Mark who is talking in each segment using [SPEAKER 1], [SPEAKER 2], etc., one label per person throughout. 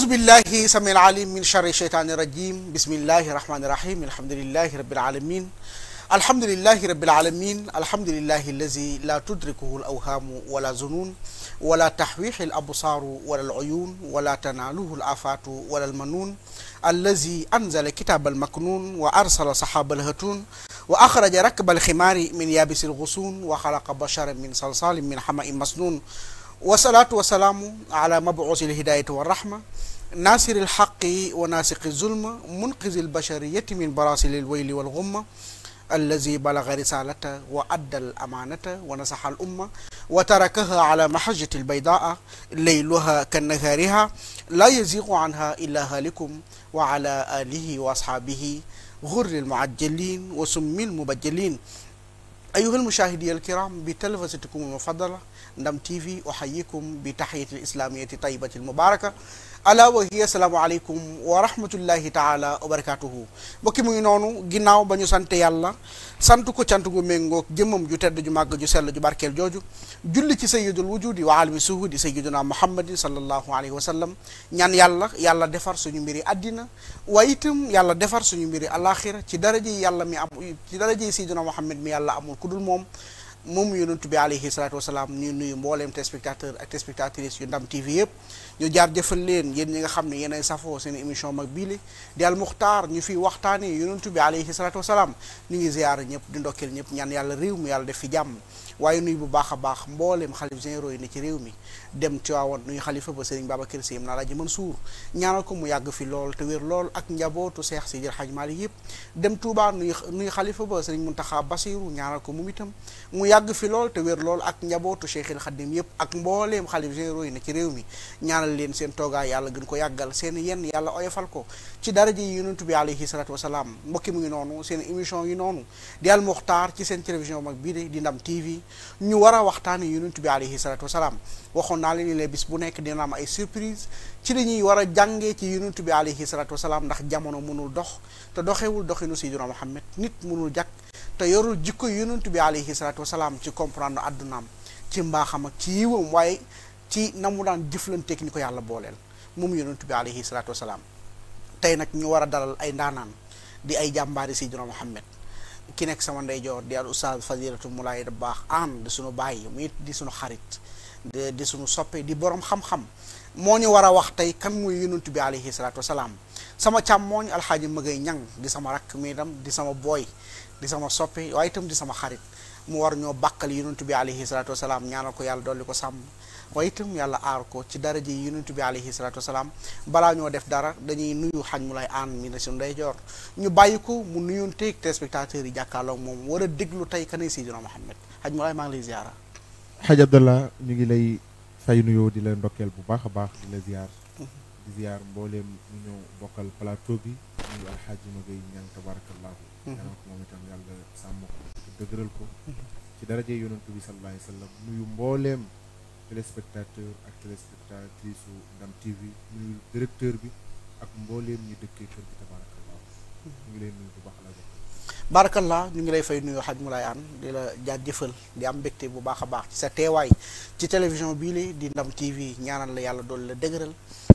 [SPEAKER 1] أعوذ بالله سميع العليم من شر الشيطان الرجيم بسم الله الرحمن الرحيم الحمد لله رب العالمين الحمد لله رب العالمين الحمد لله الذي لا تدركه الأوهام ولا زنون ولا تحويح الأبصار ولا العيون ولا تناله الآفات ولا المنون الذي أنزل كتاب المكنون وأرسل صحاب الهتون وأخرج ركب الخمار من يابس الغصون وخلق بشرا من صلصال من حمأ مسنون والصلاة والسلام على مبعوث الهداية والرحمة ناصر الحق وناسق الظلم منقذ البشرية من براسل الويل والغمة الذي بلغ رسالته وأدى الأمانة ونصح الأمة وتركها على محجة البيضاء ليلها كنهارها لا يزيغ عنها إلا هالكم وعلى آله وأصحابه غر المعجلين وسم المبجلين أيها المشاهدين الكرام بتلفزتكم المفضلة ندم تيفي أحييكم بتحية الإسلامية الطيبة المباركة ala wa hiya salaamaaleykum wa rahmatullahi taala wa barakaatuhu mbokki mu ngi noonu ginnaaw ba ñu sant yàlla sant ko cant gu méngoog jëmmam ju tedd ju màgg ju sell ju barkeel jooju julli ci sayyidul wujudi wa alami suhudi sayyiduna muhammadin sallallahu alayhi wa sallam ñaan yàlla yàlla defar suñu mbiri àddina waaye itam yàlla defar suñu mbiri alaxira ci daraje yi yàlla mi am ci daraje yi sayyiduna muhammad mi yàlla amul ku dul moom moom yonent bi alayhi salaatu wasalaam ñu nuyu mbooleem téléspectateur ak téléspectatrices yu ndam TV yëpp ñu jaar jëfal leen yéen ñi nga xam ne yéenay safoo seen émission mag bii di Al Moukhtar ñu fi fiy waxtaane yonent bi alayhi salaatu wasalaam ñu ngi ziyaara ñëpp di ndokkeel ñëpp ñaan yàlla réew mi yàlla def fi jàmm waaye nuy bu baax a baax mbooleem xalif généraux yi ne ci réew mi dem Tiwaawan nuyu xalifa ba Serigne Babacar Sy man suur ñaanal ko mu yàgg fi lool te wér lool ak njabootu Seex si Seydi Hajji Maalik yëpp dem tuubaa nuyu nuyu xalifa ba Serigne Muntaxa Basiru ñaanal ko mu itam mu yàgg fi lool te wér lool ak njabootu Cheikhil Xadim yëpp ak mbooleem xalif généraux yi na ci réew mi ñaanal leen seen toogaay yàlla gën ko yàggal seen yenn yàlla oyofal ko ci daraja yi yonent bi alayhi salatu wasalaam mbokki mu ngi noonu seen émission yi nonu dial muxtar ci seen télévision mak bi di Ndam TV ñu wara waxtane waxtaane yonent bi alayhi salatu wasalaam waxoon na leen le bis bu nekk dina am ay surprise ci li ñuy wara jange ci yonent bi alayhi salatu wasalaam ndax jamono mënul dox te doxewul doxinu Seydina Muhammad nit mënul jak te yoru jikko yonent bi alayhi salatu wasalaam ci comprendre addunaam ci mbaxam ak ci yiwam way ci namu daan jëflante ko yàlla booleel mum yonent bi alayhi salatu wasalaam tey nag ñu war a dalal ay ndaanaan di ay jàmbaari Seydina Muhammad ki nekk sama ndeyjoor di al oustaz fadilatu Moulaye Dabakh an di suñu bàyyi it di suñu xarit di di suñu soppe di borom xam-xam moo ñu war a wax tey kan muy yonent bi alayhi salaatu wasalaam sama càmmooñ alxaaji magay ñang di sama rakk mi itam di sama booy di sama soppe waaye itam di sama xarit mu war ñoo bàkkal yonent bi alayhi salaatu wasalaam ñaanal ko yàlla dolli ko sàmm waaye itam yàlla aar ko ci daraja yi yonent bi alayhi salaatu wasalaam balaa ñoo def dara dañuy nuyu xañ mu lay aan mi na suñu ndeyjoor ñu bàyyi ko mu te téléspectateurs yi jàkkaarloog moom war a déglu tey kan ay a Muhammad xaj mu lay maa ngi lay ziara
[SPEAKER 2] xaj Abdallah ñu ngi lay fay nuyoo di la ndokkeel bu baax a baax di la ziar mm-hmm. di ziar mbooleem ñu ñëw bokkal plateau bi nuyu alxaaji Magay ñaan tabarakallahu ñaan mm-hmm. ko moom itam yàlla sàmm ko dëgëral ko mm-hmm. téléspectateur ak téléspectatrice u Ndam TV nuyu directeur bi ak mbooleem ñu dëkkee kër mhm. ñu ngi lay nuyu bu baax
[SPEAKER 1] la ñu ngi lay fay nuyoo xaj mu lay an di la jaar jëfal di am mbégte bu baax a baax ci sa teewaay ci télévision bii li di Ndam TV ñaanal la yàlla dool la dëgëral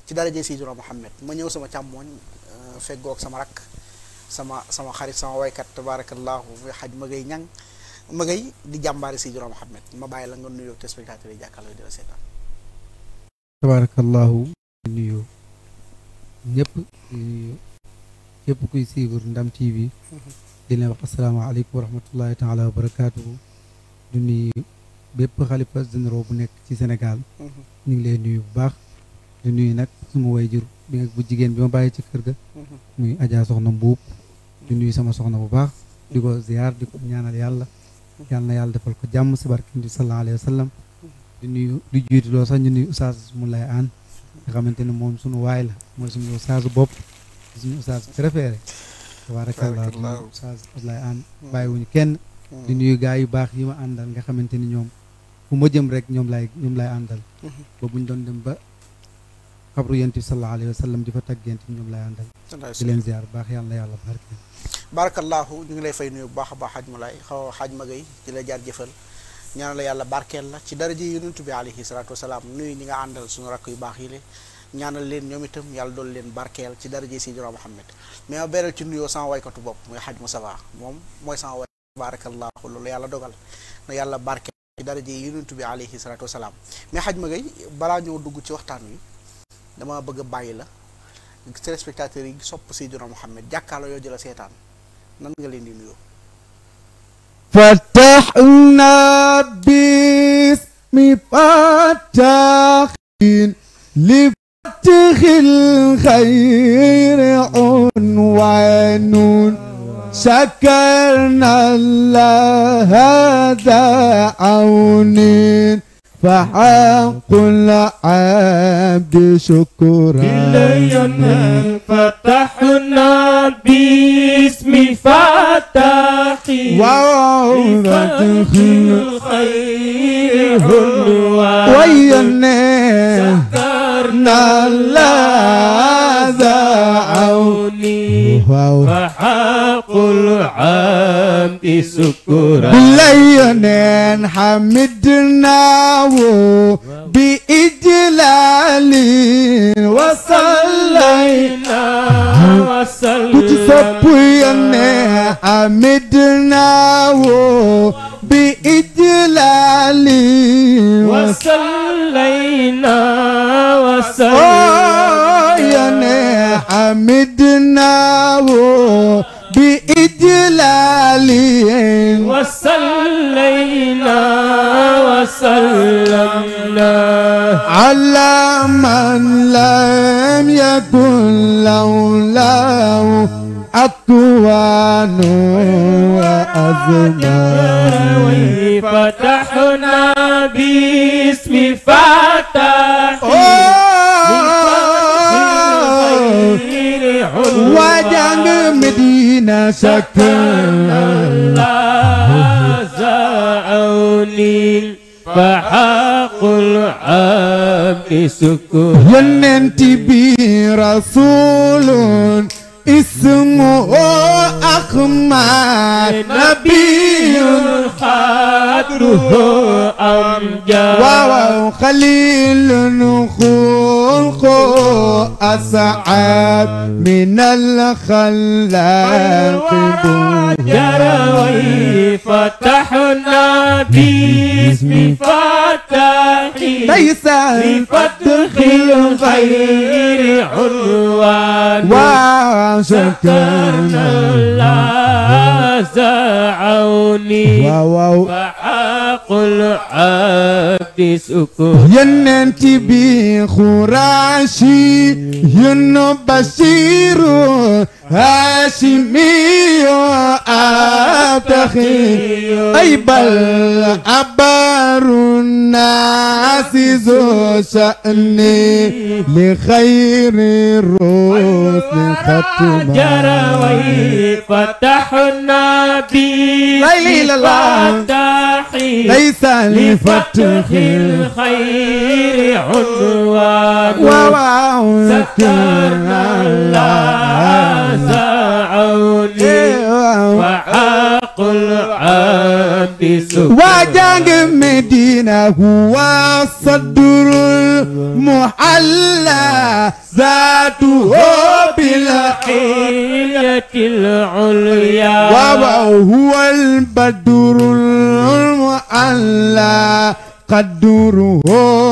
[SPEAKER 1] ci daraje Seydina Muhammad ma ñëw sama càmmooñ euh, fegook sama rakk sama sama xarit sama waykat tabarakallahu xaj ma ngay ma ngay di jàmbaari Seydina Mohamed ma bàyyi la nga nuyoo te spectateur yi jàkkaarloo di la seetaan.
[SPEAKER 3] tabaarakallaahu nuyoo ñëpp ñëpp kuy suivre Ndam TV. Mm-hmm. di leen wax asalaamaaleykum wa rahmatullaahi taalaa wa bépp xalifa généraux bu nekk ci Sénégal. Mm-hmm. ñu ngi lay nuyu bu baax. di nuyu nag suma wayjur bi nga bu jigéen bi ma bàyyi ci kër ga. Mm-hmm. muy Adja Soxna Mbuub. di nuyu sama soxna bu baax. di ko ziar di ko ñaanal yàlla. yal na yàlla defal ko jàmm si barke bi sallallahu sa wa sallam di nuyu di jiitu sax ñu nuyu oustaz mu lay aan nga xamante ne moom suñu waay la mooy suñu oustaz bopp suñu oustaz préféré tabarakallah suñu oustaz lay aan wuñ kenn di nuyu gaa yu baax yi ma àndal nga xamante ni ñoom fu ma jëm rek ñoom lay ñoom lay àndal mm-hmm. ba buñ doon dem ba xabru yonent bi sallallahu alayhi wa sallam di fa tàggent ñoom lay àndal di leen ziar baax yàlla na yàlla barke
[SPEAKER 1] barakallahu ñu ngi lay fay nuyu bu baax a baax xaaj ma lay xaw xaaj ma gay di la jaar jëfal ñaan la yàlla barkeel la ci daraje yonent bi alayhi salaatu wasalaam nuyu ñi nga àndal suñu rakk yu baax yi le ñaanal leen ñoom itam yàlla dool leen barkeel ci daraje Seydina Muhammad mais ma beral ci nuyoo sama waykatu bopp mooy xaaj ma saba moom mooy sama way barakallahu loolu yàlla dogal na yàlla barkeel ci daraje yonent bi alayhi salaatu wasalaam mais xaaj ma gay balaa ñoo dugg ci waxtaan wi dama bëgg bayyi la ci spectateur yi sopp Seydina muhammad jakkalo yo jël setan nan nga leen di
[SPEAKER 4] fatahna bis mi fatahin li fatixil xayri unwanun شكرنا الله hada aunin فحق العبد شكرا بليون فتح النار باسم فتحي وفتح الخير هلوا وينا سكرنا الله هذا عوني فحق العام سكرا لين حمدناه بإجلال وصلينا وسلمنا حمدناه بإجلال وصلينا وسلمنا حمدناه بإجلال وصلينا وسلمنا على من لم يكن لولاه أكوان وأزمان فتحنا باسم فتح waa jàng Medina sakkan Allah sa'awni fahaqul abdi sukur yonenti rasulun اسمه أحمد نبي قدره أمجاد وهو خليل خلقه أسعد من الخلاق جروي فتحنا باسم فتح ليس لفتح الخير عنوان سكن الله زعوني فحق العبد سكون يننتي بي خراشي ينو بصير هاشمي أبتخي أي بل أبا خيار الناس ذو شأن لخير الرسل ختم جروي فتحنا بي ليل الله ليس لفتح الخير عنوان وواو الله زعوني إيه، وعاوني قل عادس وجه مدينة هو الصدر المحلى ذات ذاته الحية العليا وهو البدر المحلى قدره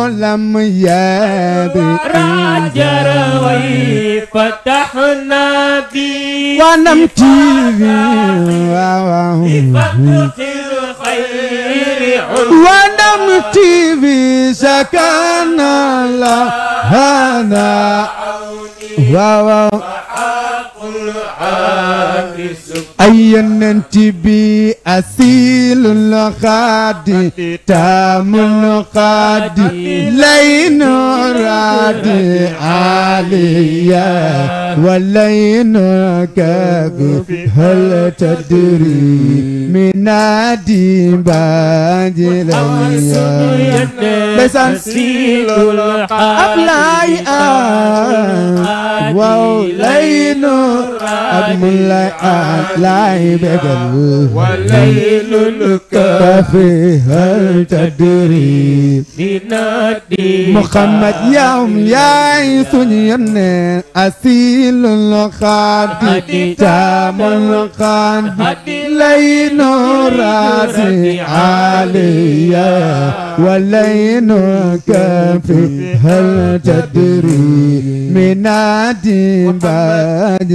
[SPEAKER 4] لم يبي راجر وفتحنا بي ونمتي بفتح الخير ونمتي بي سكن الله هذا وحق العاكس أي بي أسيل لخادي تامن قادي لين رادي عليا ولين كافي هل تدري منادي باجي ليا
[SPEAKER 2] بس أسيل أبلاي
[SPEAKER 4] أبلاي أبلاي laay bégal. walaylul kaafi hal tadri. dina di. Muhammad yaam yaay suñu yónnee. asilul xaadi. taamul xaadi. lay nooraati aliya. ولينك في هل تدري من عدي بعد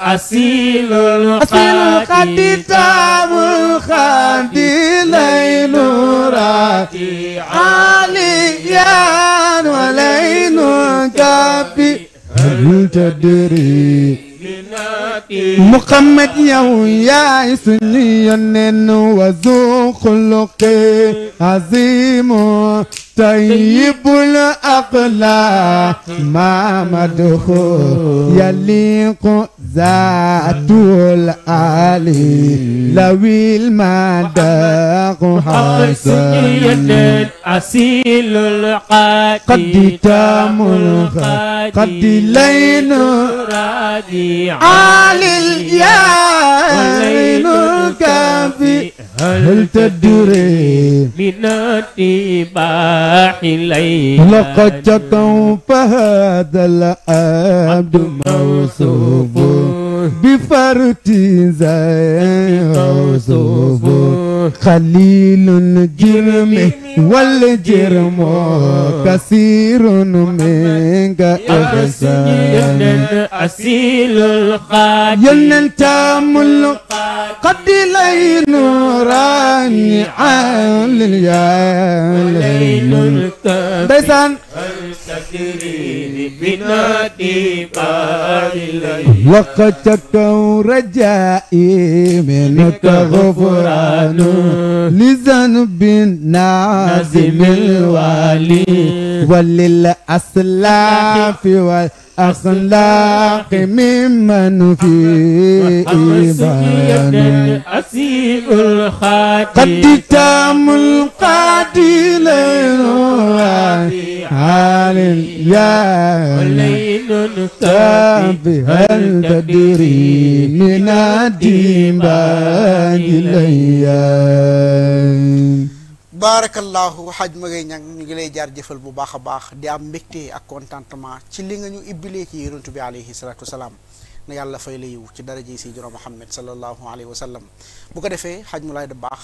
[SPEAKER 4] أسيل القد تام الخد ليل راكي عليا ولينك في هل تدري محمد يا يا سني وذوق خلق عظيم طيب الأقلا ما مدخ يليق ذات العالي لو المدق حسن أسيل القاتل قد تام قد لين مرادي علي اليمين الكافي هل تدري من اتباع لي لقد شكوا فهذا العبد موصوف بفرتي زين وصوف خليل جرم والجرم كثير منك أحسن أسيل القاتل ينتام قد لين راني عال الليل ديسان تكريني بنادي بالي لقد تكون رجائي منك غفران لذنب نازم الوالي وللأسلاف والأسلاف أحسن ممن في إبان أسيء الخاتم قد تام القاتل حال يا وليل هل تدري من الديبان إليّ
[SPEAKER 1] baarakallahu xaaj ma ngay ñang ñu ngi lay jaar jëfal bu baax a baax di am mbégte ak contentement ci li nga ñu ibbilee ci yonent bi alayhi salaatu wasalaam na yàlla fay la yiw ci daraje si jura Muhammad sallallahu alayhi wa sallam bu ko defee xaaj mu laay baax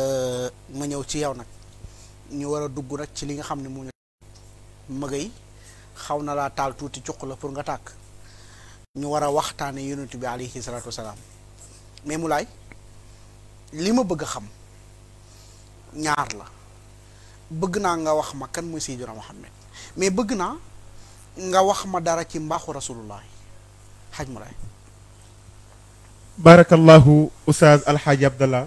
[SPEAKER 1] euh, ma ñëw ci yow nag ñu war a dugg nag ci li nga xam ne mu ñu ma xaw na laa taal tuuti cuq la pour nga tàkk ñu war a waxtaane yonent bi alayhi salaatu wasalaam mais mu laay li ma bëgg a xam ñaar la bëgg naa nga wax ma kan mooy Seydina Muhammad mais bëgg naa nga wax ma dara ci mbaaxu rasulullah xaj mu lay
[SPEAKER 2] barakallahu oustaz alxaaji abdallah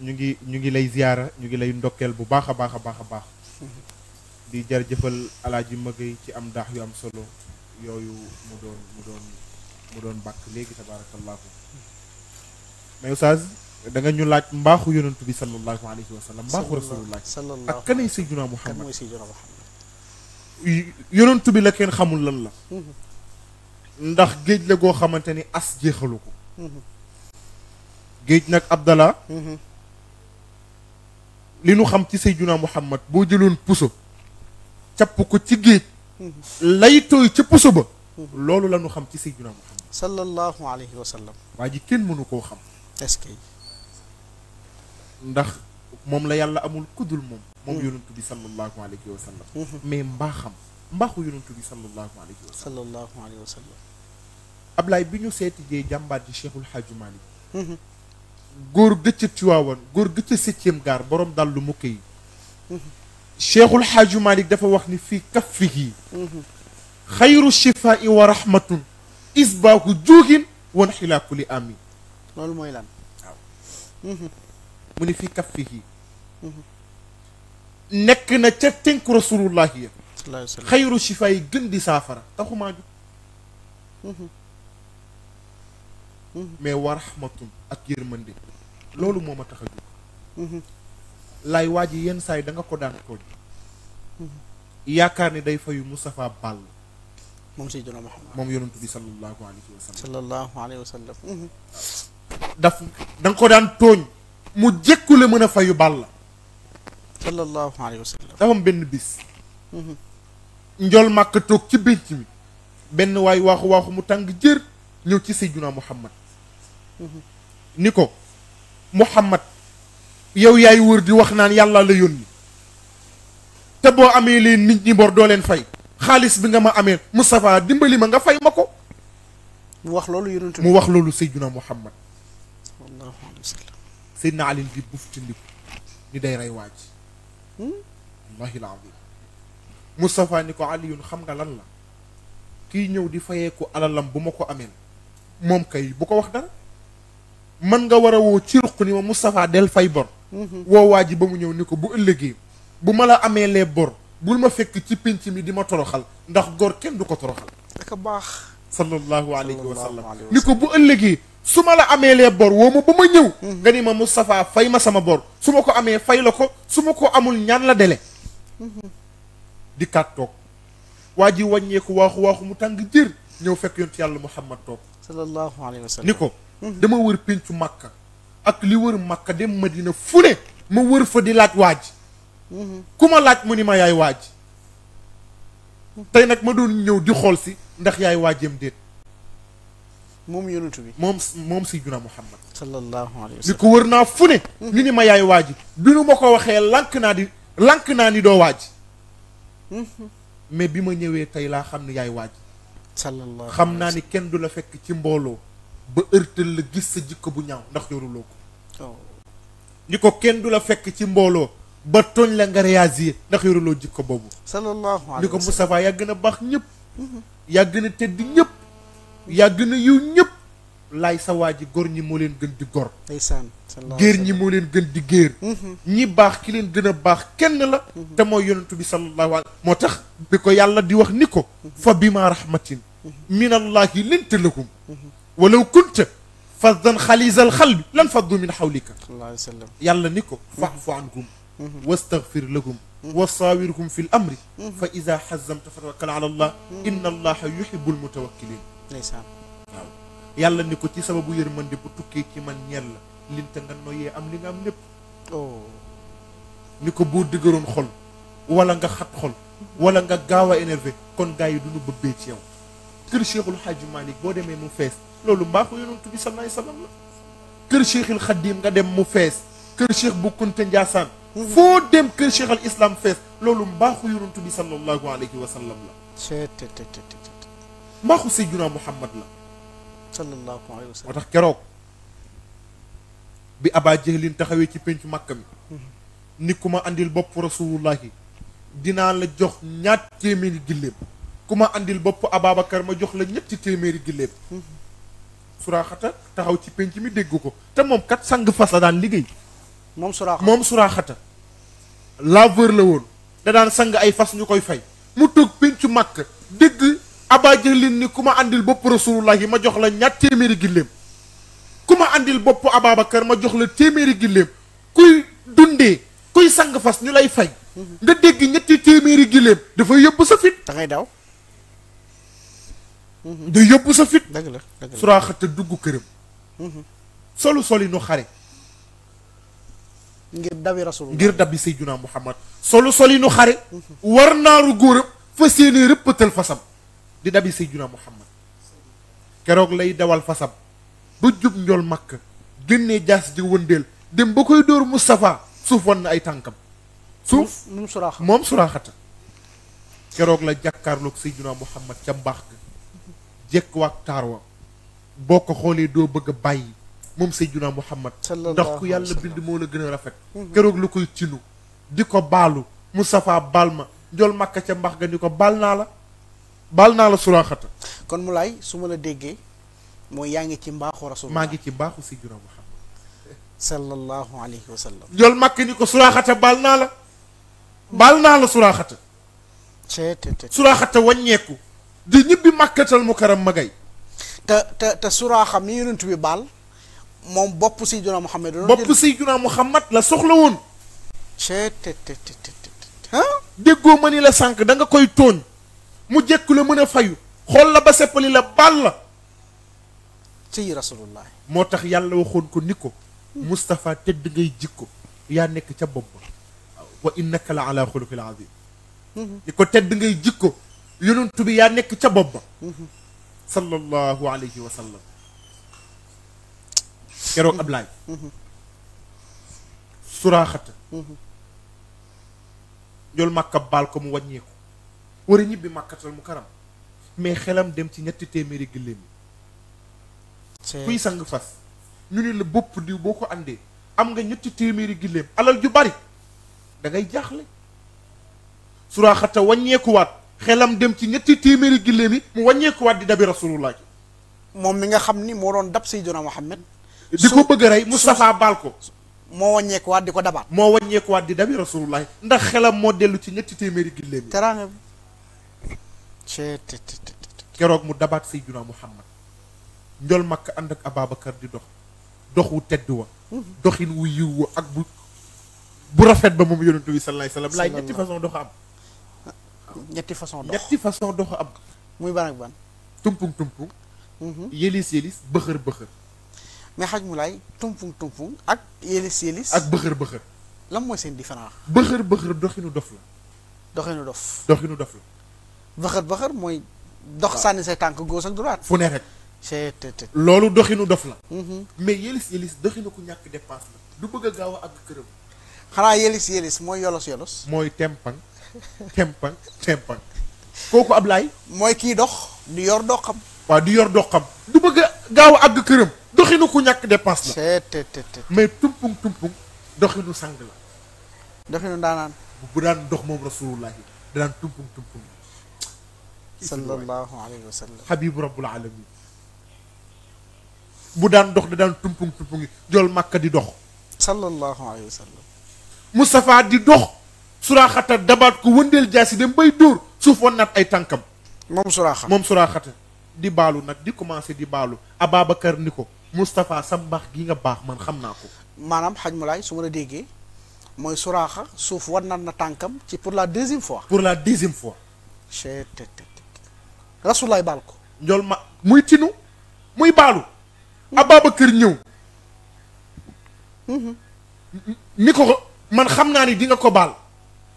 [SPEAKER 2] ñu ngi ñu ngi lay ziyaara ñu ngi lay ndokkeel bu baax a baax a baax a baax di jërëjëfal alaaji mëgëy ci am daax yu am solo yooyu mu doon mu doon mu doon bàkk léegi tabarakallahu mais oustaz da nga ñu laaj mbaaxu yonantu bi sallallahu alayhi wa sallam mbaaxu rasulullah ak kanay sayyiduna muhammad yonantu bi la kenn xamul lan la mm-hmm. ndax géej la goo xamante ni as jeexalu ko mm-hmm. géej nag abdallah mm-hmm. li nu xam ci sayyiduna muhammad boo jëloon puso capp ko ci géej lay ca puso ba loolu la nu xam ci sayyiduna muhammad
[SPEAKER 1] sallallahu wa sallam
[SPEAKER 2] waa ji kenn mënu koo xam est ndax mom la yàlla amul kudul mom mom yonantu bi sallallahu alayhi wa sallam mais mbaxam mbaxu yonantu bi sallallahu alayhi wa sallam sallallahu alayhi wa sallam ablay biñu ñu je jambat jàmbaat ji Cheikhul Hadji Malick góor gëcca Tiwaawan góor gëcca septième gaar borom dal lu mukk yi Cheikhul Hadji malik dafa wax ni fi kaffihi khayru shifaa'i wa rahmatun isbaaku juugin wa xilaaku li amin lol moy lan muni fi kaffihi mhm. Nek na ca tenk rasulullah ya khayru shifa yi gën di saafara taxumaa jóg mhm. Mhm. mais wa rahmatun ak yermande lolou moma taxaju lay waji yen say da nga ko dan ko yakarni day fayu mustafa Ball mom Seydina Muhammad mom yonantu bi sallallahu alaihi wasallam. sallallahu alaihi wasallam. daf dang ko dan togn mu jëkku la mën a fayu Balla. sallallahu alayhi wa dafa am benn bis. Mhm. njool màkk toog ci bénc mi benn waay waaxu waaxu mu tàng jër ñëw ci Seydina Muhammad mhm. ni ko Muhammad yow yaay wër di wax naan yàlla la yónni te boo amee leen nit ñi bor doo leen fay xaalis bi nga ma amee Moustapha dimbali ma nga fay ma ko. mu wax loolu yonent mu wax loolu Seydina Muhammad Seydina Ali di buftandiku ni day rey waaj wallahi alazim Moustapha ni ko Aliyun xam nga lan la kiy ñëw di fayeeku alalam bu ma ko ameel moom kay bu ko wax dara man nga war a woo ci ruq ni ma Moustapha del fay bor woo waa ji ba mu ñëw ni ko bu ëllëgee bu ma la amee lee bor bul ma fekk ci pénc mi di ma toroxal ndax góor kenn du ko toroxal ak baax sallallahu alayhi wa sallam ni ko bu ëllëgee su ma la amee lee bor woo ma ba ma ñëw nga ni ma Moustapha fay ma sama bor su ma ko amee fay la ko su ma ko amul ñaan la dele di kat toog waa ji wàññeeku waaxu waaxu mu tàng jër ñëw fekk yontu yàlla Muhammad toog sallallahu alayhi wa sallam ni ko mhm. dama wër péncu màkka ak li wër màkka dem Madina fu ne ma wër fa di laaj waaj mhm. ku ma laaj mu ni ma yaay waaj mhm. tey nag ma doon ñëw di xool si ndax yaay waajeem déet moom yonent bi moom moom Seydina Muhammad sallallahu alayhi wa sallam li ko wër naa fu ne ñu ni ma yaay waaji bi nu ma ko waxee lànk naa di lànk naa ni doo waaji mm-hmm. mais bi ma ñëwee tey laa xam ne yaay waaji sallallahu xam naa ni kenn du la fekk ci mbooloo ba ërtal la gis sa jikko bu ñaaw ndax yoruloo ko oh. ni ko kenn du la fekk ci mbooloo ba tooñ la nga réagir ndax yoruloo jikko boobu sallallahu alayhi wa sallam ni ko Moustapha yaa gën a baax ñëpp mm-hmm. yàgg na a tedd ñëpp yàgg na yow ñëpp laay sa waa ji góor ñi moo leen gën di gor ndeysaan géer ñi moo leen gën di géer ñi baax ki leen gën a baax kenn la te mooy yonentu bi sallallahu alayhi moo tax bi ko yàlla di wax ni ko fa bima rahmatin min allahi linta lahum walaw kunta faddan xaliisal xalbi lan faddu min xawlika yàlla ni ko faafu anhum واستغفر لهم وصاورهم في الأمر فإذا حزمت فتوكل على الله إن الله يحب المتوكلين ndeysaan yàlla ni ko ci sababu yërmande bu tukkee ci man ñeel la linta nga noyee am li nga am lépp oh. ni ko boo dëgëroon xol wala nga xat xol wala nga gaaw a énervé kon gars yi du ñu bëbbee ci yow kër Cheikhul Hadji Malick boo demee mu fees loolu mbaaxu yonent bi sallallahu alayhi wasallam la kër nga dem mu fees kër Cheikh bu Kunta Njaasaan mm-hmm. foo dem kër Cheikh al Islam fees loolu mbaaxu yonent bi sallallahu alayhi wasallam la mbaaxu sayyiduna Muhammad la sallallahu alayhi moo tax keroog bi Abaa Jahlin taxawee ci péncu Màkka mi ni ku ma andil bopp rasulullahi dinaa la jox ñaat téeméeri gilléem ku ma andil bopp Ababacar ma jox la ñetti téeméeri gilléem suraaxata taxaw ci pénc mi dégg ko te moom kat sang fas la daan liggéey moom suraaxata moom suraaxata la woon da daan sang ay fas ñu koy fay mu toog péncu màkk dégg abaa jahlin ni ku ma àndil bopp rasulullahi ma jox la ñaat téeméeri gilleem ku ma àndil bopp ababakar ma jox la téeméeri gilleem kuy dundee kuy sang fas ñu lay fay nga dégg ñetti téeméeri giléem dafa yóbbu sa fit da ngay daw mm-hmm. da dugg këram mm-hmm. solu soli nu xare ngir dabi rasulullah ngir dabi sayyiduna muhammad solu soli nu xare mm-hmm. war naaru góoram fa séenee rëppatal fasam di dabi Seydina Muhammad keroog lay dawal fasab bu jub njool makk génnee jaas ji wëndeel dem ba koy dóor Moustapha suuf wan na ay tànkam suuf moom suraaxata keroog la jàkkaarloog Seydina Muhammad ca mbaax ga jekk waak taar wa boo ko xoolee doo bëgg bàyyi moom Seydina Muhammad ndax ku yàlla bind moo la gën a rafet mhm. keroog lu koy tinu di ko baalu Moustapha baal ma njool makk ca mbaax ga ni ko baal naa la baal naa la suraaxata kon mu laay su ma la déggee mooy yaa ngi ci mbaaxu rasulullah maa ngi ci mbaaxu si juróom Muhammad
[SPEAKER 1] sallallahu alayhi wa sallam
[SPEAKER 2] jol màkk ni ko suraaxata baal naa la baal naa la suraaxata suraaxata waññeeku di ñibbi màkkatal mukarram magay te te te suraaxa mi yonent bi baal moom bopp si junaa Muhammad bopp si junaa Muhammad la soxla woon déggoo ma ni la sànq da nga koy tooñ mu jékku le meuna fayu xol la ba seppali la baal ci rasulullah motax yàlla waxon ko niko mustafa tëdd ngay jikko ya nek ca bopp wa innaka la ala khuluqil azim niko tedd ngay jikko yunun tubi ya nek ca bopp sallallahu alayhi wa sallam kero ablay suraaxata jol màkka bal ko mu wagne ko war a ñibbi màkkatal mu karam mais xelam dem ci ñetti téeméeri gëléem yi kuy sang fas ñu la bopp diw ko àndee am nga ñetti téeméeri gëléem alal ju bari da ngay jaaxle suraaxata wàññeekuwaat xelam dem ci ñetti téeméeri gëléem yi mu wàññeekuwaat di dabi rasulullah moom mi nga xam ni moo doon dab Seydina Muhammad di ko bëgg a rey Moustapha baal ko moo wàññeekuwaat di ko dabaat moo wàññeekuwaat di dabi rasulullah ndax xelam moo dellu ci ñetti téeméeri gëléem yi keroog mu dabaat Seydina Muhammad njol makk ànd ak Ababacar di dox dox wu tedd wa doxin wu yiw wa ak bu bu rafet ba moom yonentu bi salaay sa laay ñetti façon dox am ñetti façon dox ñetti façon dox am muy ban ak ban tumpung tumpung mhm. yëlis yëlis bëxër bëxër
[SPEAKER 1] mais xaj mu laay tumpung tumpung ak yëlis yëlis ak bëxër bëxër lan mooy seen différence
[SPEAKER 2] bëxër bëxër doxinu dof la
[SPEAKER 1] doxinu dof doxinu dof la bëxër bëxër moy, dox sànni say tank gauche ak droite. fu ne rek. c'est
[SPEAKER 2] lolu doxinu dof la. Mhm. mais yelis yelis doxinu ku ñak dépense la. du bëgg gaaw ak kërëm këram. yelis yelis moy yolos yolos. Moy tempang tempang tempang koku ablay moy ki dox du yor doxam. wa du yor doxam. du bëgg gaaw ak kërëm doxinu ku ñak dépense la. mais tumpung tumpung doxinu sang la. doxinu daanan bu daan dox mom rasulullah daan tumpung tumpung.
[SPEAKER 1] sallallahu alayhi wa sallam
[SPEAKER 2] rabbul alamin bu daan dox da daan tumpung tumpungi jool màkka di dox
[SPEAKER 1] sallallahu
[SPEAKER 2] di dox suraaxata dabaat ko wëndeel jaasi dem dóor suuf wan ay tànkam moom suraaxa moom suraaxata di baalu nag di commencé di baalu Ababacar ni ko Moustapha sa mbaax gi nga baax man xam naa ko
[SPEAKER 1] maanaam xaj ma laay su ma la déggee mooy suraaxa suuf wan na tànkam ci pour la deuxième fois
[SPEAKER 2] pour la deuxième fois rasulaay baal ko njool ma muy tinu muy baalu kër mm-hmm. ñëw mm-hmm. ni ko ko man xam naa ni di ko baal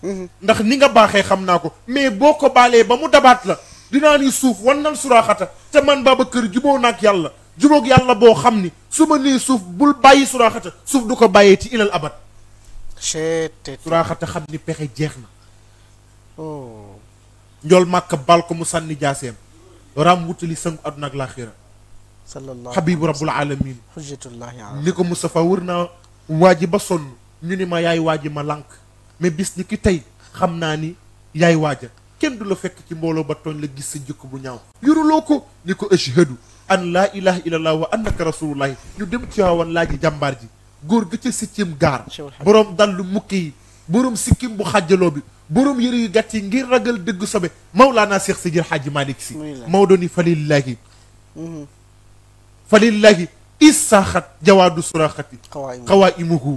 [SPEAKER 2] mm-hmm. ndax ni nga baaxee xam naa ko mais boo ko baalee ba mu dabaat la dinaa ni suuf wan nan suraaxata te man Babacar juboo naag yàlla jubóog yàlla boo xam ni su ma nii suuf bul bàyyi suraaxata suuf du ko bàyyee ci ilal abad suraaxata xam ni pexe jeex na oh. njool màkk bal ko mu sànni jaaseem raam wutali sëngu àdduna ak laaxira
[SPEAKER 1] sallallahu xabibu
[SPEAKER 2] rabbul alamin xujjatullahi ni ko Moustapha wër naa waa ji ba sonn ñu ni ma yaay waaji ma lànk mais bis ni ki tey xam naa ni yaay waaja kenn du la fekk ci mbooloo ba tooñ la gis sa jikko bu ñaaw yoruloo ko ni ko ashhadu an laa ilaha illallah wa annaka rasulullahi ñu dem ci waawan laaji jàmbaar ji góor ga ca siccim gaar boroom dallu mukki yi boroom sikkim bu xajaloo bi borom yëre yu gàtt yi ngir ragal dëgg sobe mawlaana Seex Sidil Haaji Malick Si Maodo ni falillaahi mhm. falillaahi isaaxat jawaadu suraaxati
[SPEAKER 1] xawaa'imuhu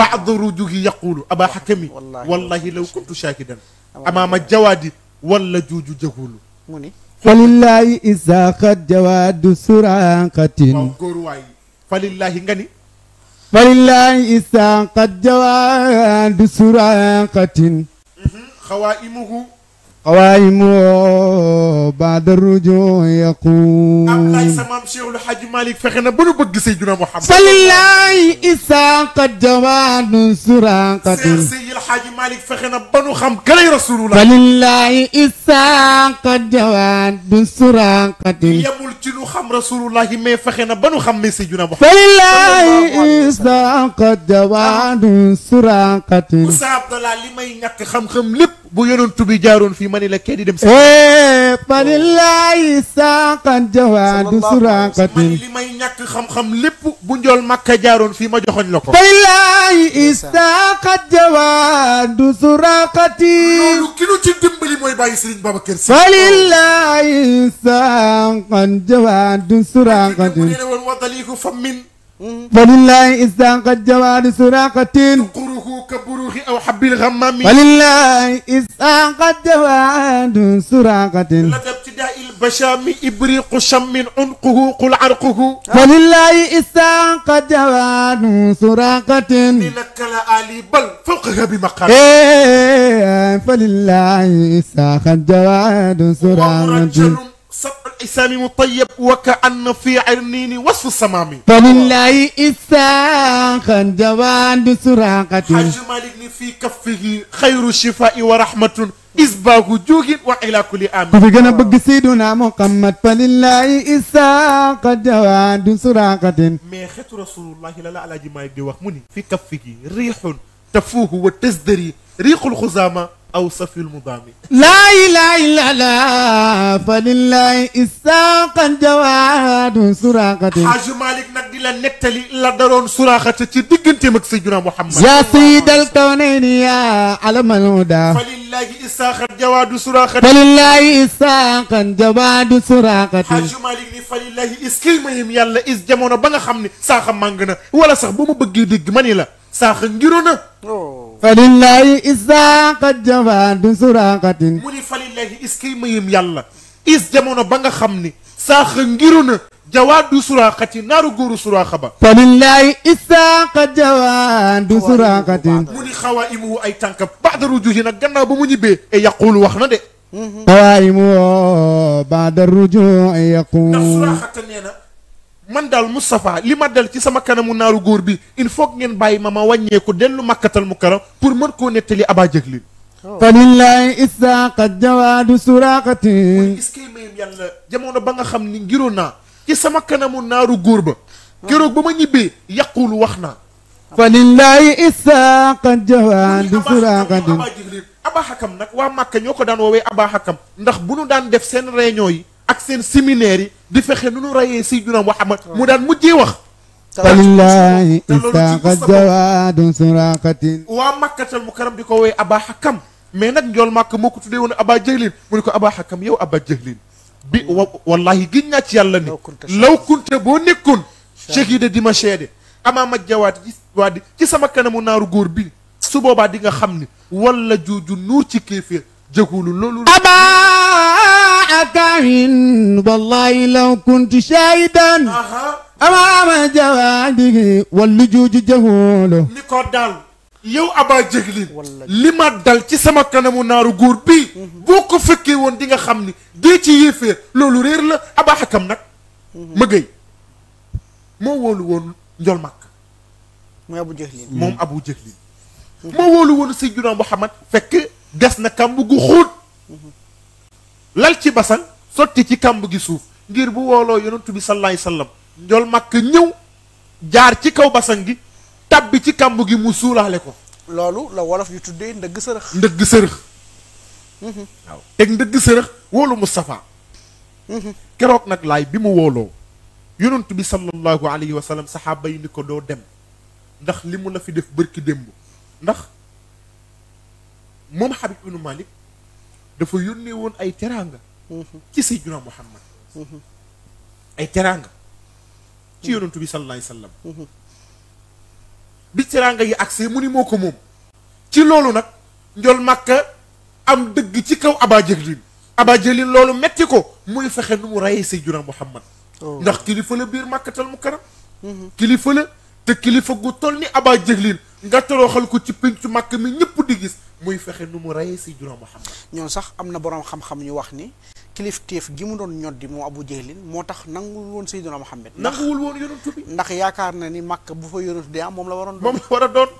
[SPEAKER 1] baada
[SPEAKER 2] rujugi yaqulu aba xakami wallahi law kuntu shaakidan amaama jawaadi wala juuju jagulu
[SPEAKER 4] falillaahi isaaxat jawaadu suraaxatin
[SPEAKER 3] waaw
[SPEAKER 2] góor waay falillaahi nga ni
[SPEAKER 4] falillaahi isaaxat jawaadu suraaxatin
[SPEAKER 2] xawaa mm-hmm. imuhu
[SPEAKER 4] قوائم بعد الرجوع يقول سمام شيخ الحاج
[SPEAKER 2] مالك فخنا بلو سيدنا محمد صلى الله
[SPEAKER 4] إسا قد جواد سراقة سيد الحاج مالك فخنا بنو خم كلي رسول الله صلى الله إسا قد جواد سراقة يبول
[SPEAKER 2] تلو خم رسول الله ما فخنا بنو خم سيدنا محمد صلى الله
[SPEAKER 4] إسا قد جواد سراقة وصعب
[SPEAKER 2] ينك خم خم لب bu yonent bi jaaroon fii ma i la kee di lépp bu njool makka jaaroon fii ma joxoñ la ko falillahi
[SPEAKER 4] isaaqat
[SPEAKER 2] ci dimbali mooy
[SPEAKER 4] suraaqatin
[SPEAKER 2] كبروخي أو حب الغمام ولله
[SPEAKER 4] جواد سراقة لدبتداء
[SPEAKER 2] إبريق شم عنقه قل عرقه
[SPEAKER 4] ولله جواد سراقة لك
[SPEAKER 2] لآلي بل فوقها
[SPEAKER 4] إيه، فلله جواد سراقة
[SPEAKER 2] صبر الاسامي مطيب وكأن في عرنيني وصف السمامي
[SPEAKER 4] فلله إساقا جواد سراقة حج
[SPEAKER 2] مالك في كفه خير الشفاء ورحمة إسباغ جوغ وإلى كل آمين كفي جنا
[SPEAKER 4] سيدنا محمد فلله إساقا جواد سراقة
[SPEAKER 2] ميخة رسول الله لا على جماعي دي مني في كفه ريح تفوه وتزدري ريح الخزامة أو صف المضام
[SPEAKER 4] لا إله إلا الله فلله إساقا جواد سراقة حاج
[SPEAKER 2] مالك نقدي لا نكتلي إلا درون سراقة تدق أنت مكسجنا محمد يا
[SPEAKER 4] سيد الكونين يا علم الهدى فلله
[SPEAKER 2] إساقا جواد سراقة فلله
[SPEAKER 4] إساقا
[SPEAKER 2] جواد سراقة حاج مالك فلله إسكيمهم يلا إس جمونا بنا خمني ساقا مانغنا ولا ساق بوم بجي دق مني لا ساقا نجرونا falillahi
[SPEAKER 4] isaqat jafaatu suraqatin
[SPEAKER 2] mu ni falillahi is kay mayam yàlla is jamono ba nga xam ni saaxa ngiru na jawaadu suraqati naaru góoru suraqa ba
[SPEAKER 4] falillahi isaqat jawaadu suraqatin
[SPEAKER 2] mu ni xawaayimu ay tànka baada rujuhi nag gannaaw ba mu ñibbee e yaqulu wax na de
[SPEAKER 4] xawaayimu baada rujuhi yaqul ndax suraaqata nee na
[SPEAKER 2] man daal Moustapha li ma dal ci sama kanamu naaru góor bi il faut ngeen bàyyi ma ma wàññeeku dellu màkkatal mu karam pour mën koo nettali abaa jëglin oh. jamono ba nga xam ni ngiroon naa ci sama kanamu naaru góor ba oh. keroog ba ma ñibbee yàqulu wax naa
[SPEAKER 4] falillahi isaqat
[SPEAKER 2] abaa xakam nag waa màkka ñoo ko daan woowee abaa xakam ndax bu daan def seen réunion yi ak seen séminaire yi di fexe nu nu rayee Seydina Muhammad ah. mu daan mujjee wax
[SPEAKER 4] walillahi isaqa jawaadu suraqatin
[SPEAKER 2] waa màkkatal mu karam di ko woy Abaa Xakam mais nag njool màkk moo ko tuddee woon Abaa Jahlin mu ko Abaa Xakam yow Abaa Jahlin bi hmm. wallahi giñ naa ci yàlla ni law kunte boo nekkoon cheikh yi de di ma seede amaa ma jawaat waa ci sama kanamu naaru góor bi su boobaa di nga xam ni wala jooju nuur ci kéeféer jëgulu loolu abaa
[SPEAKER 4] ركعتين والله لو كنت شاهدا أمام جواده واللجوج جهوله
[SPEAKER 2] لقدام yow Abba Diegline li ma dal ci sama kanamu naaru góor bi boo ko fekkee woon di nga xam ni dee ci yéefee loolu réer la Abba Hakam nag ma gëy moo wóolu woon njol mag moom Abu Diegline moom Abu Diegline moo wóolu woon Seydina Muhammad fekk gas na kàmb gu xóot lal ci basang sotti ci kàmb gi suuf ngir bu wooloo yonentu bi sallallahu alayhi wasallam njool màkk ñëw jaar ci kaw basang gi tàbbi ci kàmb gi mu suulaale ko
[SPEAKER 1] loolu la wolof yu tuddee
[SPEAKER 2] ndëgg sërëx ndëgg sërëx mhm. woolu Moustapha mhm. keroog nag laay bi mu wooloo yonentu bi sallallahu alayhi wa sallam saxaaba yi ni ko doo dem ndax li mu la fi def bërki démb ndax moom Habib ibnu Malik dafa yónnee woon ay teraanga mm-hmm. ci sayyidina Muhammad mm-hmm. ay teraanga ci mm-hmm. yonentu bi sallallahu alayhi wasallam bi teraanga yi agsee mu ni moo ko moom ci loolu nag njol màkka am dëgg ci kaw Aba Jahlin Aba Jahlin loolu metti ko muy fexe nu mu reyee sayyidina Muhammad oh. ndax kilifa la biir màkkatal mukarram kilifa la te kilifa gu toll ni Aba Jahlin nga toroxal ko ci péncu màkk mi ñëpp di gis muy fexé numu mu reyee Muhammad ñoom sax am borom xam-xam ñu wax ni kilifteef
[SPEAKER 1] gi mu doon ñoddi mo Abu jehlin motax nangul won woon Muhammad nangul won yonent bi ndax yaakar na ni Makka bu fa yonent de am moom la waron mom wara doon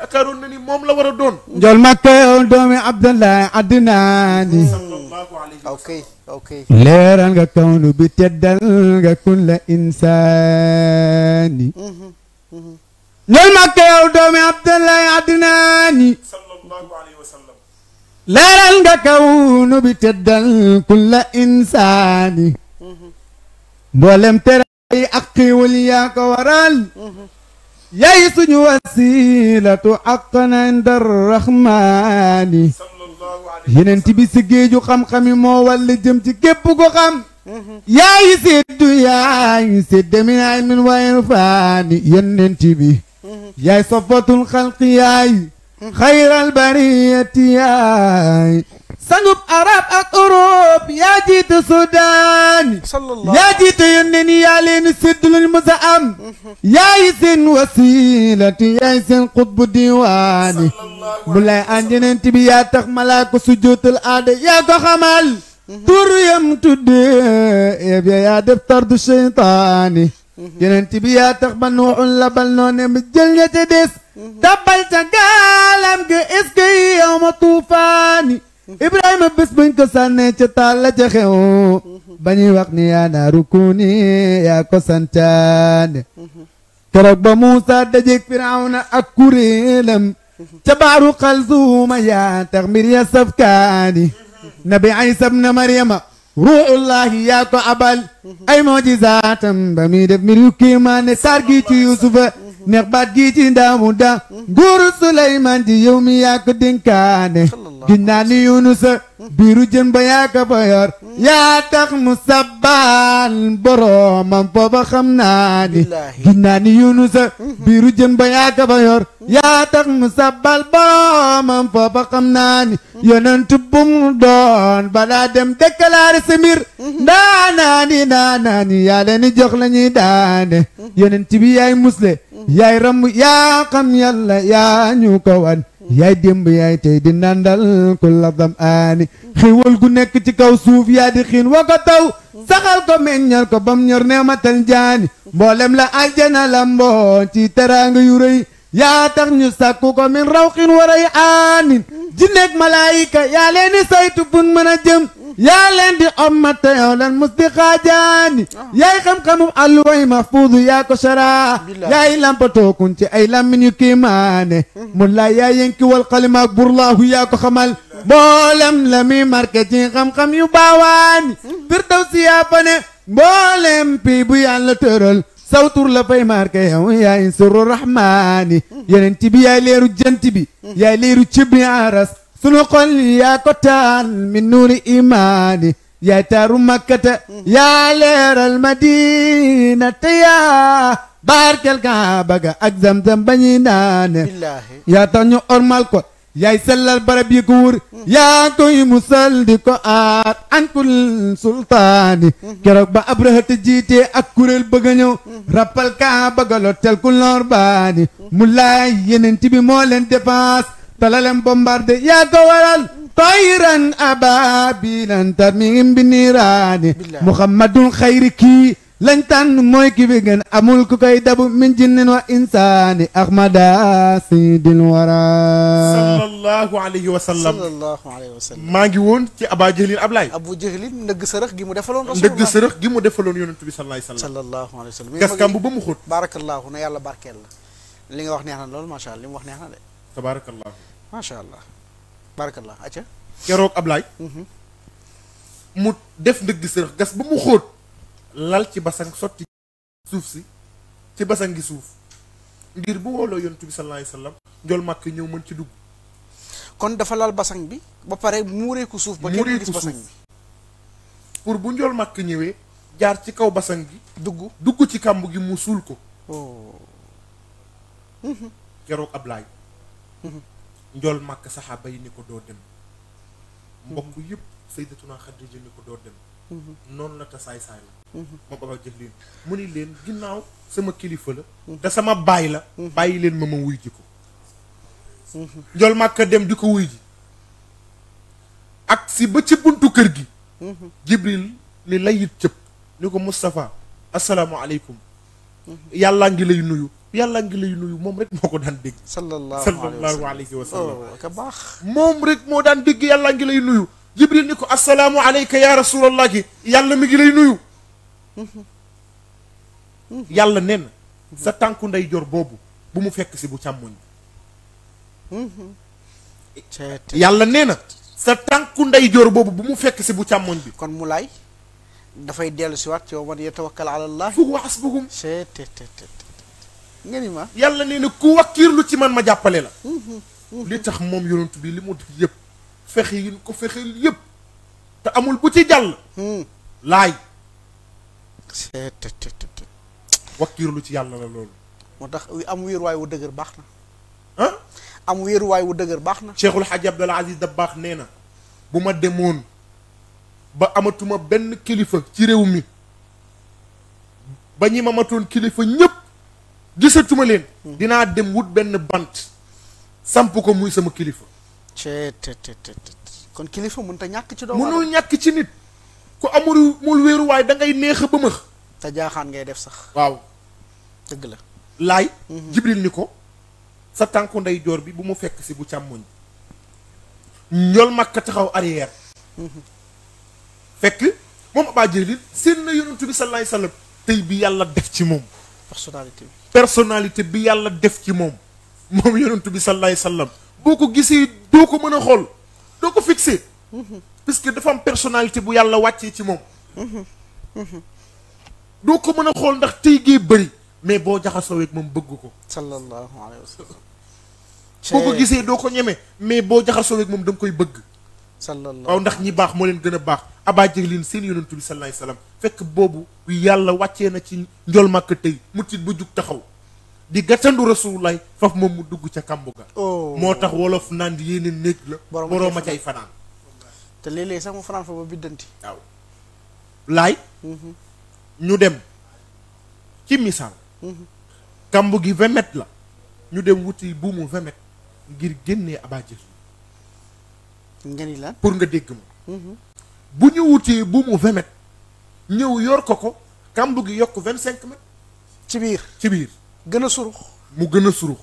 [SPEAKER 2] yaakaaroon na ni mom la wara doon
[SPEAKER 4] njool Makka doomi Abdallah adnani
[SPEAKER 2] okay okay
[SPEAKER 4] leeral nga kawnu bi teddal nga ñëw màkk yow doomi Abdullahi Adnaani leeral nga bi teddal kulla insaani mhm. mboolem teray ak xiiwul yaa ko waral mhm. yay suñu wasilatu aqna inda rahmaani yenent bi si géeju xam-xami moo wàll jëm ci képp ko xam mhm. yaayi seddu yaayi sedde min wa irfaani yenent bi yaay safatul xalqi yaay xayral bariyati yaay sangub arab ak Europe yaa jiitu Sudan. yaa jiitu yónneen yi yaa leen sédd luñ mës a am. yaay seen wasilati yaay seen diwaani. bu lay ànjëneent bi yaa tax malaaka su jootal aada yaa ko xamal. tur yam tuddee yaa def tardu seytaani. yeneen bi yaa tax ba nuuxun labal noo ne mi jël ñetti des tabal mhm. ca gaalam gi is ki yow ma tuufaani mhm. ibrahima bis buñ ko sànnee ca taal la ca xew mhm. ba wax ni yaa naaru kuuni yaa ko santaane keroog ba muusa dajeeg firawna ak kuréelam ca baaru xalsuuma yaa tax mbir safkaani nabi isa bna maryama ruullahi yaa ko abal ay mojisaatam ba muy def mbir yu kiimaane saar gi ci yusufa baat gi ci ndaamu da nguuru suleymaan ji yow mi yaa ko dénkaane biiru jën ba yaa ko fa yaa tax mu sabbal boroomam foofa xam naa ni gis naa biiru jën ba yaa ko fa yor yaa tax mu sabbal boroomam foofa xam naa ni yonent bu mu doon dem déclaré sa mbir ndaa naa ni ndaa naa ni yaa leen jox la ñuy daane yonent bi yaay musle yaay yaa xam yàlla yaa ñu wan yaay démb yaay tey di nandal ku la dam aani xiwal gu nekk ci kaw suuf yaa di xiin wa ko taw saxal ko meññal ko bam ñor neematal jaani mboolem la aljana la ci teraanga yu yaa tax ñu sàkku ko min raw xiin waray aanin jinneeg malaayika yaa leeni saytu bun mën a jëm yaa leen di ommat te yow lan mus di xaajaani ah. yaay xam-xamum alluway mahfuudu yaa ko saraa yaay lampatookun ci ay lammin yu kiimaane hmm. mun laa yaa yenki wal xalimaak burlaahu yaa ko xamal mboolem la mi marqué xam-xam yu baawaani hmm. firdawsi yaa fa ne mboolem pii bu yàlla tëral sawtur la fay marqué yow yaay suru rahmaani hmm. yeneen ci bi yaay leeru jant bi aras sunu yaa ko taal mi nuuri imaani yaay taaru makkata yaa leeral madina te yaa barkel kaaba ga ak zamzam bañi naane yaa tax ñu ormal ko yaay sellal barab yi yaa koy musal ko aar ankul sultaani mhm. keroog ba abrahata jiitee ak kuréel bëgg mhm. rappal kaaba ga lottel ku lor baani yeneen ti bi moo talalem bombardé yaa ko waral tayran ababilan tarmihim bi niiraani muhammadun xayri kii lañ tànn mooy ki fi gën a ku koy min jinnin wa insaani ahmada sidil wara sallallahu
[SPEAKER 2] alayhi wa sallam sallallahu alayhi wa ngi woon ci aba jahlin ablaay abu jahlin ndëgg sërëx gi mu defaloon rasulullah sërëx gi mu defaloon yonent bi sallallahu alayhi wa sallam sallallahu alayhi wa
[SPEAKER 1] sallam gaskam bu ba mu xóot barakallahu na yàlla barkeel la li nga wax neex loolu macha wax
[SPEAKER 2] na macha allah. barakallah acca keroog Ablaay mhm. mu def ndëgg sërëx gas ba mu xóot lal ci basang sotti suuf si ci basang gi suuf ngir bu wooloo yontu bi sallallahu alayhi wasallam njool màkk ñëw mën ci dugg kon dafa lal basang bi ba pare muuree ko suuf ba kenn gis pour bu njool màkk ñëwee jaar ci kaw basang gi dugg dugg ci kàmb gi mu suul ko oh. keroog Ablaay mhm. njool màkk saxaaba yi ni ko doo dem mbokk yëpp sayyidatuna Xadija ni ko doo dem noonu la saay-saay la ma baba jëf leen mu ni leen ginnaaw sama kilifa la te sama baay la bàyyi leen ma ma wuy ji ko njool màkk dem di ko wuy ji ak ba ci buntu kër gi jibril ni layit cëpp ni ko Moustapha asalaamaaleykum yàllaa ngi lay nuyu yàlla ngi lay nuyu moom rek moo ko daan dégg. sallallahu alayhi wa sallam oh, ka baax. yàlla mi ngi lay nuyu. yàlla nee sa tànku ndey boobu bu mu fekk si bu càmmoñ bi. yàlla nee na sa tànku ndey boobu bu mu fekk
[SPEAKER 1] si bu càmmoñ bi. kon mu laay dafay dellu si waat yow man yatawakkal allah. fu wa asbuhum
[SPEAKER 2] nga ni ma yàlla nee na ku wakkiirlu ci man ma jàppale la li tax moom yonent bi li mu def yëpp fexe yi ñu ko fexeel yëpp te amul bu ci jàll laay wakkiirlu ci yàlla la loolu moo tax am wéeruwaay wu dëgër baax na ah am wéeruwaay wu dëgër baax na cheikhul xaj abdul aziz Dabakh nee na bu ma demoon ba amatuma benn kilifa ci réew mi ba ñi ma matoon kilifa ñëpp gisatuma leen dinaa dem wut benn bant samp ko muy sama kilifa
[SPEAKER 1] te kon kilifa mun ta ñàkk ci doomu mënul ñàkk
[SPEAKER 2] ci nit ku amul mul wéeruwaay da ngay neex a bëmëx te jaaxaan ngay def sax waaw dëgg la laay mhm. jibril niko, ko sa tànku ndey joor bi bu mu fekk si bu càmmoñ ñool makka taxaw arrière mhm. fekk moom abaa jëlil seen bi sallallahu alayhi wasallam tey bi yàlla def ci moom personnalité personnalité bi yàlla def ci moom moom yonentu bi salaay sallam boo ko gisee doo ko mën a xool doo ko fixé mhm. puisque dafa am personnalité bu yàlla wàccee ci moom mhm. Mhm. doo ko mën a xool ndax tey gee bëri mais boo jaxasoo ak moom bëgg ko sallallahu alayhi boo ko gisee doo ko ñeme mais boo jaxasoo ak moom danga koy bëgg sallallahu waaw ndax ñi baax moo leen gën a baax abaa jëglin seen yonentu bi sallallahu alayhi fekk boobu yàlla wàcce na ci njol màkk tey mu tiit jug taxaw di gàttandu rasulullahi faf moom mu dugg ca kàmb ga oh. moo tax wolof naan yéene néeg la borooma cay fanaan
[SPEAKER 1] te léeg-léeg sax mu fanaan fa ba
[SPEAKER 2] biddanti waaw laay mm-hmm. ñu dem ci misaal mm-hmm. kàmb gi vingt la ñu dem wuti buumu vingt mètres ngir génnee abaa nga pour nga dégg ma mm-hmm. bu ñu wutee bu mu vingt mètres ñëw yor ko ko kàmb gi yokk vingt cinq mètres ci biir ci biir gën a surux mu gën a surux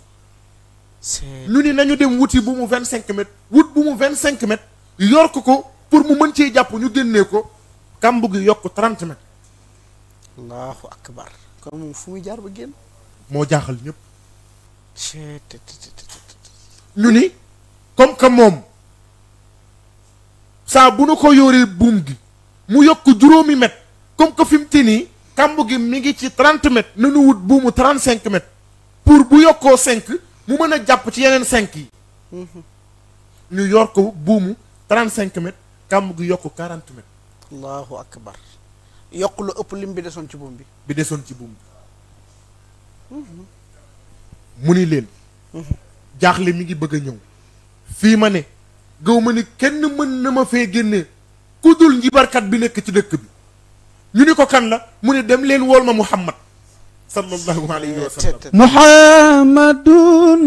[SPEAKER 2] ñu ni nañu dem wuti bu mu vingt cinq mètres wut bu mu vingt cinq mètres yor ko ko pour mu mën cee jàpp ñu génnee ko kàmb gi yokk trente mètres
[SPEAKER 1] allahu akbar kon moom fu muy jaar ba génn
[SPEAKER 2] moo jaaxal ñëpp ñu ni comme que moom saa bu nu ko yóoree buum gi mu yokk juróomi mètre comme que fi mu te nii kàmb gi mi ngi ci trente mètres nanu wut buumu pour bu yokkoo cinq mu mën a jàpp ci yeneen cinq yi mhm. ñu yor ko buumu kàmb gi yokk quarante mètres allahu akbar ëpp lim bi desoon ci buum bi bi desoon ci buum mhm. mu ni leen mhm. jaaxle mi ngi bëgg a ñëw fii ma ne gaw ma ni kenn mën na ma fee génne ku dul njibarkat bi nekk ci dëkk bi ñu ni ko kan la mu ne dem leen ma muhammad sallallahu alayhi wa sallam
[SPEAKER 4] muhammadu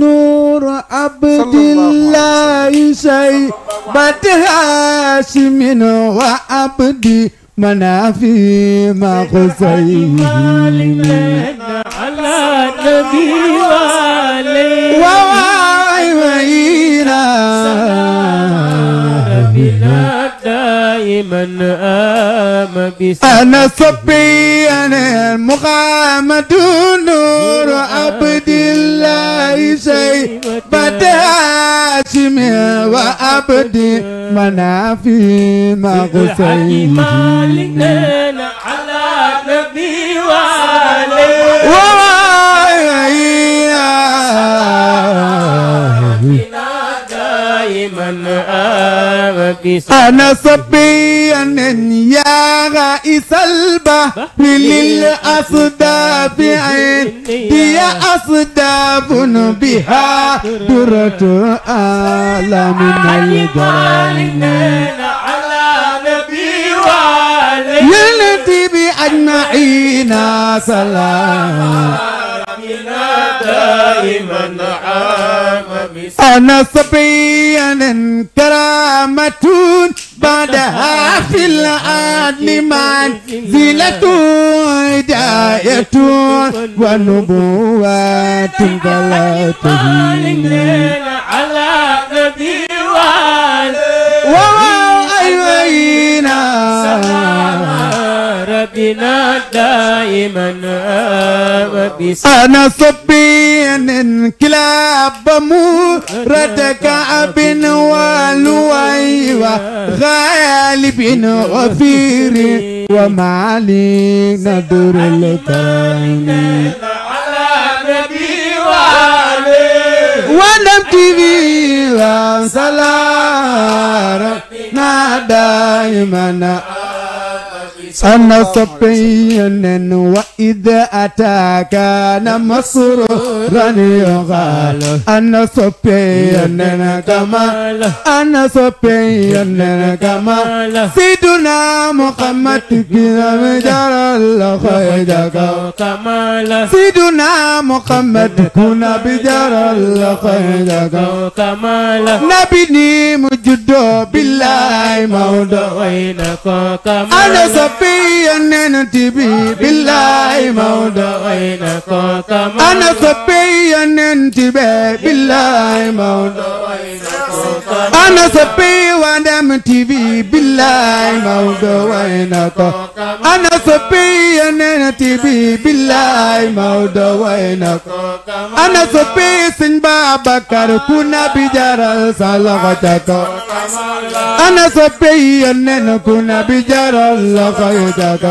[SPEAKER 4] nuuru abdillahi say bati haasimin wa abdi منافي ما خزي على نبي وعلي وواعي بنا سلام دائما آم أنا صبي أنا محمد نور عبد الله شيء بدأ وعبد منافي ما غسيه مالكنا على نبي وعلي وعلي من آب أنا صبيا يا غائس البحر للأصداف عندي أصداف بها درة آلام الجرائم يلتي بأجمعين سلام دائما عاد أنا صبيا كرامة بعدها في العدل منزلة هداية ونبوة فلا تهين على نبي وعلينا سلام ربنا دائما أبس أنا صبي انقلاب مرد كعب والويوة غالب غفير وما علي نذر الكائن على نبي وعلي ونمت به صلاة دائما أنا صبي وإذا أتى كان مسرورا يقال أنا صبي كما أنا صبي كما سيدنا محمد كلام جرى الله خيرك كمال سيدنا محمد كنا بجرى الله خيرك كمال نبني مجد بالله موضوعينك كمال أنا صبي صبيا ننتبي بالله مولد غيرك أنا صبيا ننتبي بالله مولد أنا صبي ونمتبي بالله مولد غيرك أنا صبي انا بي بالله ما وينك أنا صبي سن بابا كركونا بجار صلغتك أنا صبي انا ننكونا بجار لغيتك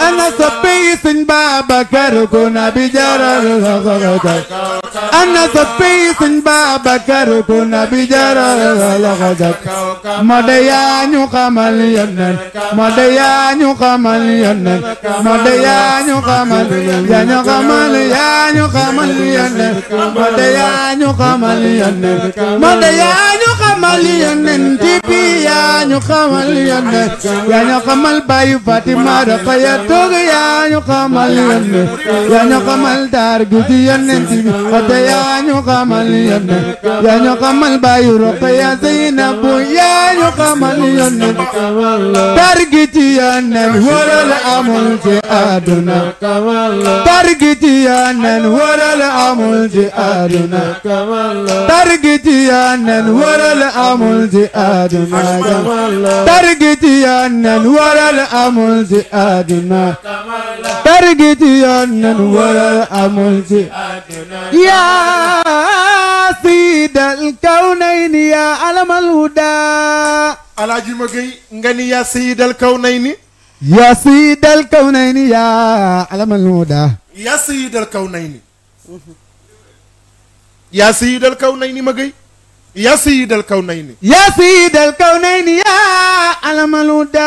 [SPEAKER 4] أنا صبي سن بابا كركونا بجار لغيتك أنا صبي سن بابا كركونا بجار لغيتك مديا نقمل ينن مديا نقمل xamal yónneen nodde yaa ñu xamal yaa ñu xamal yaa ñu xamal yónneen nodde yaa ñu xamal yónneen nodde yaa ñu xamal yónneen tibi yaa ñu xamal yónneen yaa ñu xamal bayu Fatima dafa ya toog yaa ñu xamal yónneen yaa ñu xamal daar gu di yónneen tibi nodde yaa ñu xamal yónneen yaa ñu xamal bayu Roqaya Zeynabu yaa ñu xamal yónneen daar gi ci yónneen waral amul ci àdduna targi ci yaanen waral amul ci àdduna targi ci yaanen waral amul ci àdduna targi ci yaanen waral amul ci àdduna targi ci yaanen waral amul ci yaa siidal kawnayni yaa alamal hudaa
[SPEAKER 2] alaaji ma gëy nga ni yaa siidal kawnayni
[SPEAKER 4] يا سيد الكونين يا علم الهدى
[SPEAKER 2] يا سيد الكونين يا سيد الكونين مجي يا سيد الكونين
[SPEAKER 4] يا سيد الكونين يا علم الهدى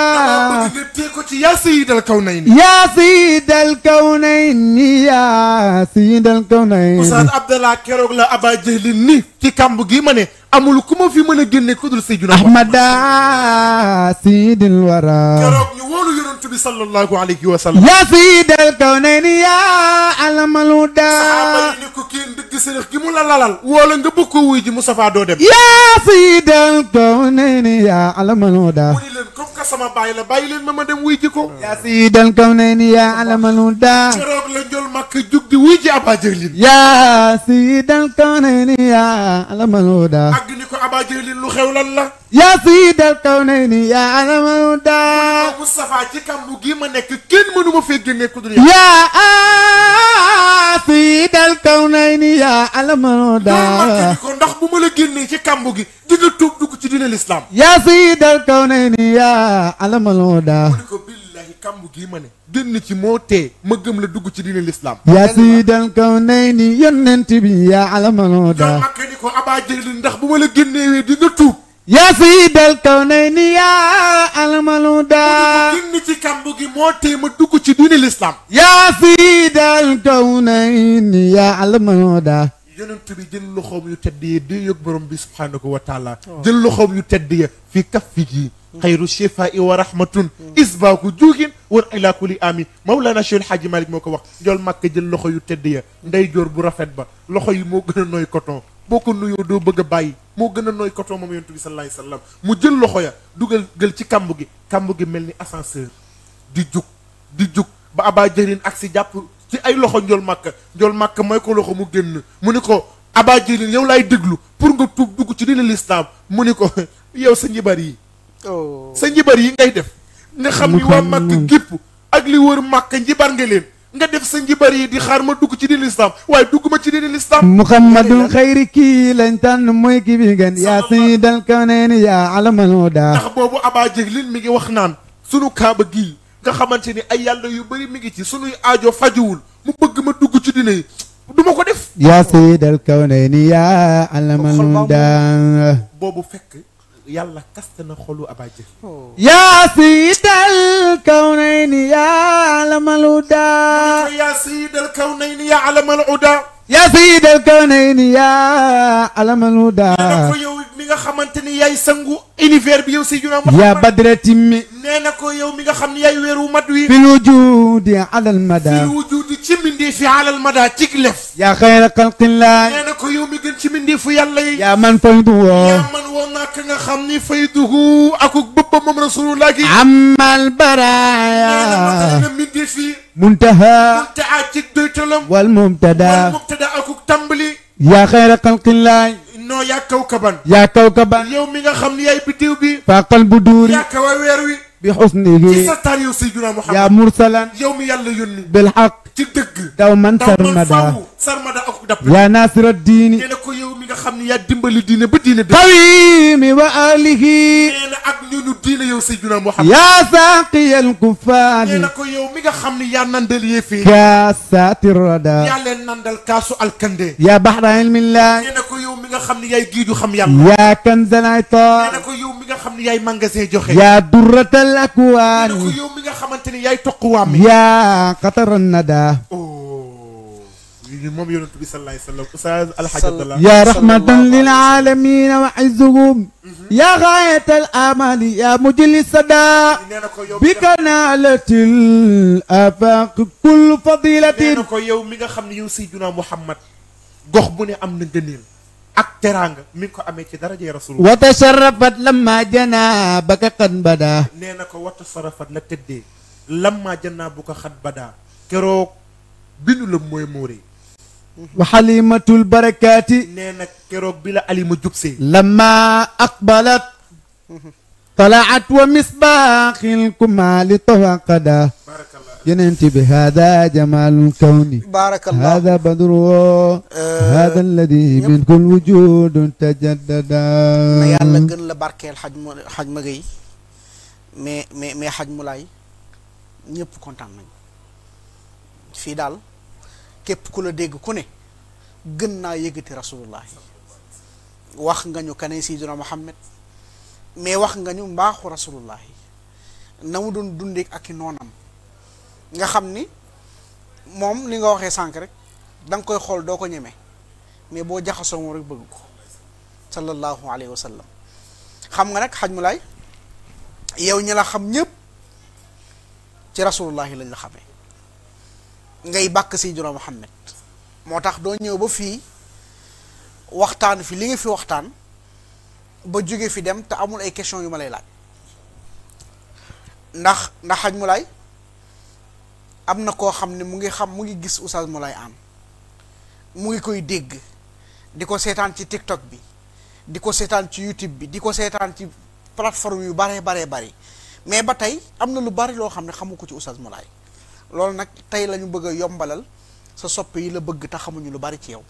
[SPEAKER 2] يا سيد الكونين
[SPEAKER 4] يا سيد الكونين يا سيد الكونين استاذ
[SPEAKER 2] عبد الله كيروغ لا ابا جهل ني تي كامبو غي ماني amul ku ma fi mën a génne ku dul Seydina
[SPEAKER 4] Ahmada Seydil Wara
[SPEAKER 2] keroog ñu wóolu yonent bi sallallahu alayhi wa
[SPEAKER 4] àgg ni ko Aba Jëlin lu xew lan la. yaa sayyidal kawnayni yaa alamal hudaa.
[SPEAKER 2] Moustapha ci kàmbu gii ma nekk kenn mënu ma fee génne ku dul yàlla. yaa
[SPEAKER 4] sayyidal kawnayni yaa alamal hudaa.
[SPEAKER 2] ko ndax bu ma la génnee ci kàmbu gi di nga tuub dugg ci dina lislaam.
[SPEAKER 4] yaa sayyidal kawnayni yaa alamal hudaa.
[SPEAKER 2] billaahi kàmb gii ma ne génn ci moo tee ma gëm la dugg ci diine lislaam yaa
[SPEAKER 4] siidal kaw nay ni yonent bi yaa alamanoo daa
[SPEAKER 2] makka ni ko abaa ndax
[SPEAKER 4] bu ma la génnewee di nga tuub yaa siidal kaw nay ni
[SPEAKER 2] ci kàmb gi moo ma dugg ci diine lislaam
[SPEAKER 4] yaa siidal kaw nay ni yaa alamanoo daa
[SPEAKER 2] yu tedd yi di yëg borom bi subhaanahu wa taala jël loxoom yu tedd ya fi kaf war shifaa'i wa rahmatun isbaaku juugin war ilaa kulli amin mawlaana Cheikh Hadji Malick moo ko wax jol màkk jël loxo yu tedd ya ndeyjoor bu rafet ba loxo yi moo gën a nooy coton boo ko nuyoo doo bëgg a bàyyi moo gën a nooy coton moom yonent bi sallallahu alayhi wasallam mu jël loxo ya dugal gël ci kamb gi kamb gi mel ni ascenseur di jug di jug ba abaa jërin ak si jàpp ci ay loxo njol màkk njol màkk mooy ko loxo mu génn mu ni ko abaa jërin yow laay déglu pour nga tuub dugg ci dina lislaam ko yow sa njibar yi Oh. sa njibar yi ngay def nga xam ni waa màkk gépp ak li wër màkk njibar nga leen nga def sa njibar yi di xaar ma dugg ci diin lislaam waaye dugg ma ci diin lislaam muhammadul
[SPEAKER 4] kii lañ tan mooy ki bi gën yaa sayyidal kawnayni yaa alamal daa
[SPEAKER 2] naan sunu kaaba gii nga xamante ni ay yàlla yu bëri mi ngi ci sunuy aajo fajuwul mu bëgg ma dugg ci diine ma ko def
[SPEAKER 3] yaa sayyidal kawnayni yaa alamal
[SPEAKER 4] daa
[SPEAKER 2] boobu yàlla kaste na xolu Abba Jël oh.
[SPEAKER 4] yaa siidal kaw nay ni yaa alamal uda yaa siidal kaw nay ni yaa alamal uda ya sayyid al kawnayni yaa alamal huda nee na ko yow mi
[SPEAKER 2] nga xamante ni yaay sangu univers bi yow Seydina Muhammad yaa badra ko yow mi nga xam ni yaay weeru mat wi fil
[SPEAKER 4] wujudi alal mada fil
[SPEAKER 2] wujudi ci mindee fi alal mada ci lef yaa xayra xalqillah nee fu yàlla yi yaa man faydu woo man woo nak nga xam ni fayduhu akuk bëppam moom rasulullah gi amal baraya nee na muntaha muntaha ci doytalam
[SPEAKER 4] wal mubtada wal
[SPEAKER 2] mubtada akuk tàmbali
[SPEAKER 4] yaa xayra xalqin laay
[SPEAKER 2] non yaa kaw kaban yaa kaw kaban yow mi nga xam ne yaay biddiw bi faaqal bu duuri yaa kawa weer wi bi xusnihi ci sa taar yow Seydina Muhammad yaa mursalan yow mi yàlla yónni bil xaq ci dëgg daw man sarmada sarmada ak dab yaa naasira diini nee na ko yow mi nga xam ne yaa dimbali diine ba diine dëgg tawimi wa alihi nee na ak ñunu diine yow Seydina Muhammad yaa saaqiyal
[SPEAKER 4] kufaani nee na ko
[SPEAKER 2] yow mi nga xam ne yaa nandal yee fii
[SPEAKER 4] kaasaati rada yaa
[SPEAKER 2] leen nandal kaasu alkande
[SPEAKER 4] yaa baxra ilmillah nee na ko
[SPEAKER 2] yow mi nga xam ne yaay giidu xam yàlla yaa
[SPEAKER 4] kanzal itaar nee na ko
[SPEAKER 2] xam ne yaay magasin joxe. yaa
[SPEAKER 4] duratal akwaan. ko yow mi
[SPEAKER 2] nga xamante ni yaay toquwaam.
[SPEAKER 4] yaa xataran na daa. Oh,
[SPEAKER 2] moom yonent bi salaay salaam ustaaz alxaj abdallah yaa rahmatan lil
[SPEAKER 4] aalamiina wa izzuhum mhm. yaa gaayatal amali yaa mujli sadaa bi kanaalatil afaq kul fadilatin nee na ko
[SPEAKER 2] yow mi nga xam ne yow Seydina Muhammad gox bu ne am na gëneel ak teraanga mi ngi ko amee ci darajee rasulullah wa tasarrafat
[SPEAKER 4] lamma janaa baka xat badaa
[SPEAKER 2] nee na ko wa tasarrafat la tëddee lamma janaa bu ko xat badaa keroog bindu la mooy móoree wa xalimatul barakaati nee na keroog bi la alima jubsee
[SPEAKER 4] lamma aqbalat talaat wa misbaaqil kumaali tawaqada barakallah يننتي بهذا جمال الكون بارك
[SPEAKER 3] الله هذا بدر هذا الذي من كل وجود تجدد
[SPEAKER 4] ما
[SPEAKER 3] يالا گن
[SPEAKER 1] لا باركل حج حج مغي mais mais mais xaj mu laay ñëpp kontaan nañ fii daal képp ku la dégg ku ne gën naa yëgati rasulullah wax nga ñu kane sidina Muhammad mais wax nga ñu mbaaxu rasulullah na mu doon dundeek ak i noonam nga xam ni moom li nga waxee sànq rek danga koy xool doo ko ñeme mais boo jaxasoo moom rek bëgg ko sallallahu alayhi wa sallam xam nga nag xaj mu laay yow ñi la xam ñëpp ci rasulullahi lañ la xamee ngay bàkk si sayyidina Muhammad moo tax doo ñëw ba fii waxtaan fi li nga fi waxtaan ba jóge fi dem te amul ay question yu ma lay laaj ndax ndax xaj mu laay am na koo xam ne mu ngi xam mu ngi gis Oustaz mulay Anne mu ngi koy dégg di ko seetaan ci TikTok bi di ko seetaan ci YouTube bi di ko seetaan ci plateforme yu baree baree bari mais ba tey am na lu bari loo xam ne xamu ko ci Oustaz Moulay loolu nag tey la ñu bëgg yombalal sa soppe yi la bëgg te xamuñu lu bari ci yow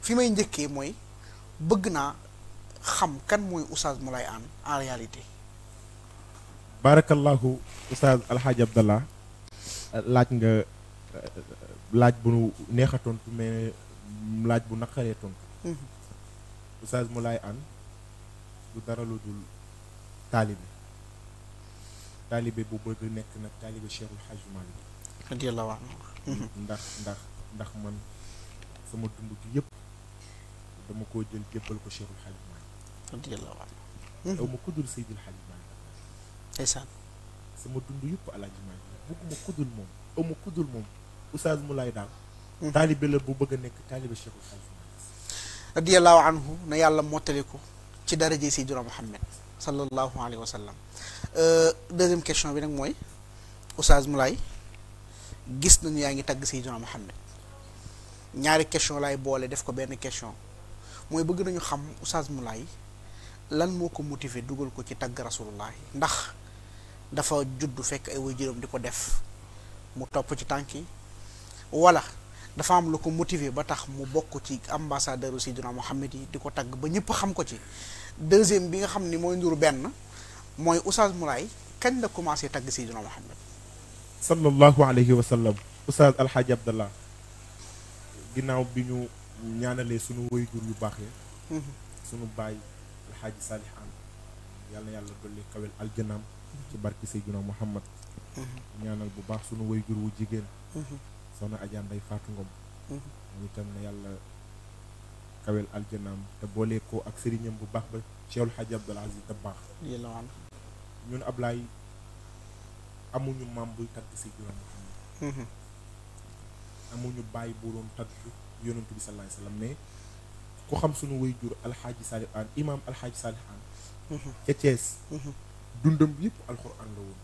[SPEAKER 1] fi may njëkkee mooy bëgg naa xam kan mooy Oustaz Moulay Anne en réalité.
[SPEAKER 2] barakallahu Oustaz Alhaji Abdallah laaj nga laaj bu neex a tontu mais laaj bu naqaree tontu. Mhm. Oustaz Moulaye Anne du dara lu dul taalibe taalibe bu bëgg nekk nag taalibe Cheikhul Hadj Malick. radiyallahu anhu. Mhm. ndax ndax ndax man sama dund ki yëpp dama koo jël jébbal ko Cheikhul Hadj Malick. radiyallahu anhu. daw mhm. ma ko dul Seydil Hadj Malick. sama dund yëpp Alaaji Malick. bugguma kuddul moom amu kuddul Daal taalibe la bu bëgg a nekk taalibe Cheikhul
[SPEAKER 1] Xalifa na yàlla mottali ko ci daraje Seydina Muhammad sallallahu alayhi wa sallam euh, deuxième question bi nag mooy oustaz Moulay gis nañu yaa ngi tagg Seydina Muhammad ñaari question laay boole def ko benn question mooy bëgg nañu xam oustaz Moulay lan moo ko motiver dugal ko ci tagg rasulullah ndax dafa judd fekk ay waajuram di ko def mu topp ci tànk yi wala dafa am lu ko motiver ba tax mu bokk ci ambassadeur Seydina Mohamed yi di ko tagg ba ñëpp xam ko ci deuxième bi nga xam ni mooy nduru benn mooy Oustaz Moulay kañ la commencé tagg
[SPEAKER 2] Seydina Mohamed sallallahu alayhi wa sallam Oustaz Alxaaji Abdallah ginnaaw bi ñu ñaanalee sunu waajur yu baax yi sunu baay Alxaaji Saalix An yàlla yàlla dolli kawel aljanaam ci barki Seydina Muhammad ñaanal bu baax sunu waajur wu jigéen soxna Adja Ndeye Fatou Ngom moom itam ne yàlla kawel aljanaam te boole ko ak sëriñam bu baax ba Cheikh El Hadj Abdoul Aziz Dabakh ñun Ablaay amuñu maam buy tagg Seydina Muhammad amuñu bàyyi buroom tagg yonentu bi sallallahu alayhi wasallam ku xam sunu waajur alxaaji Salih An imaam alxaaji Salih ca Thiès dundam bi yëpp alxuraan la woon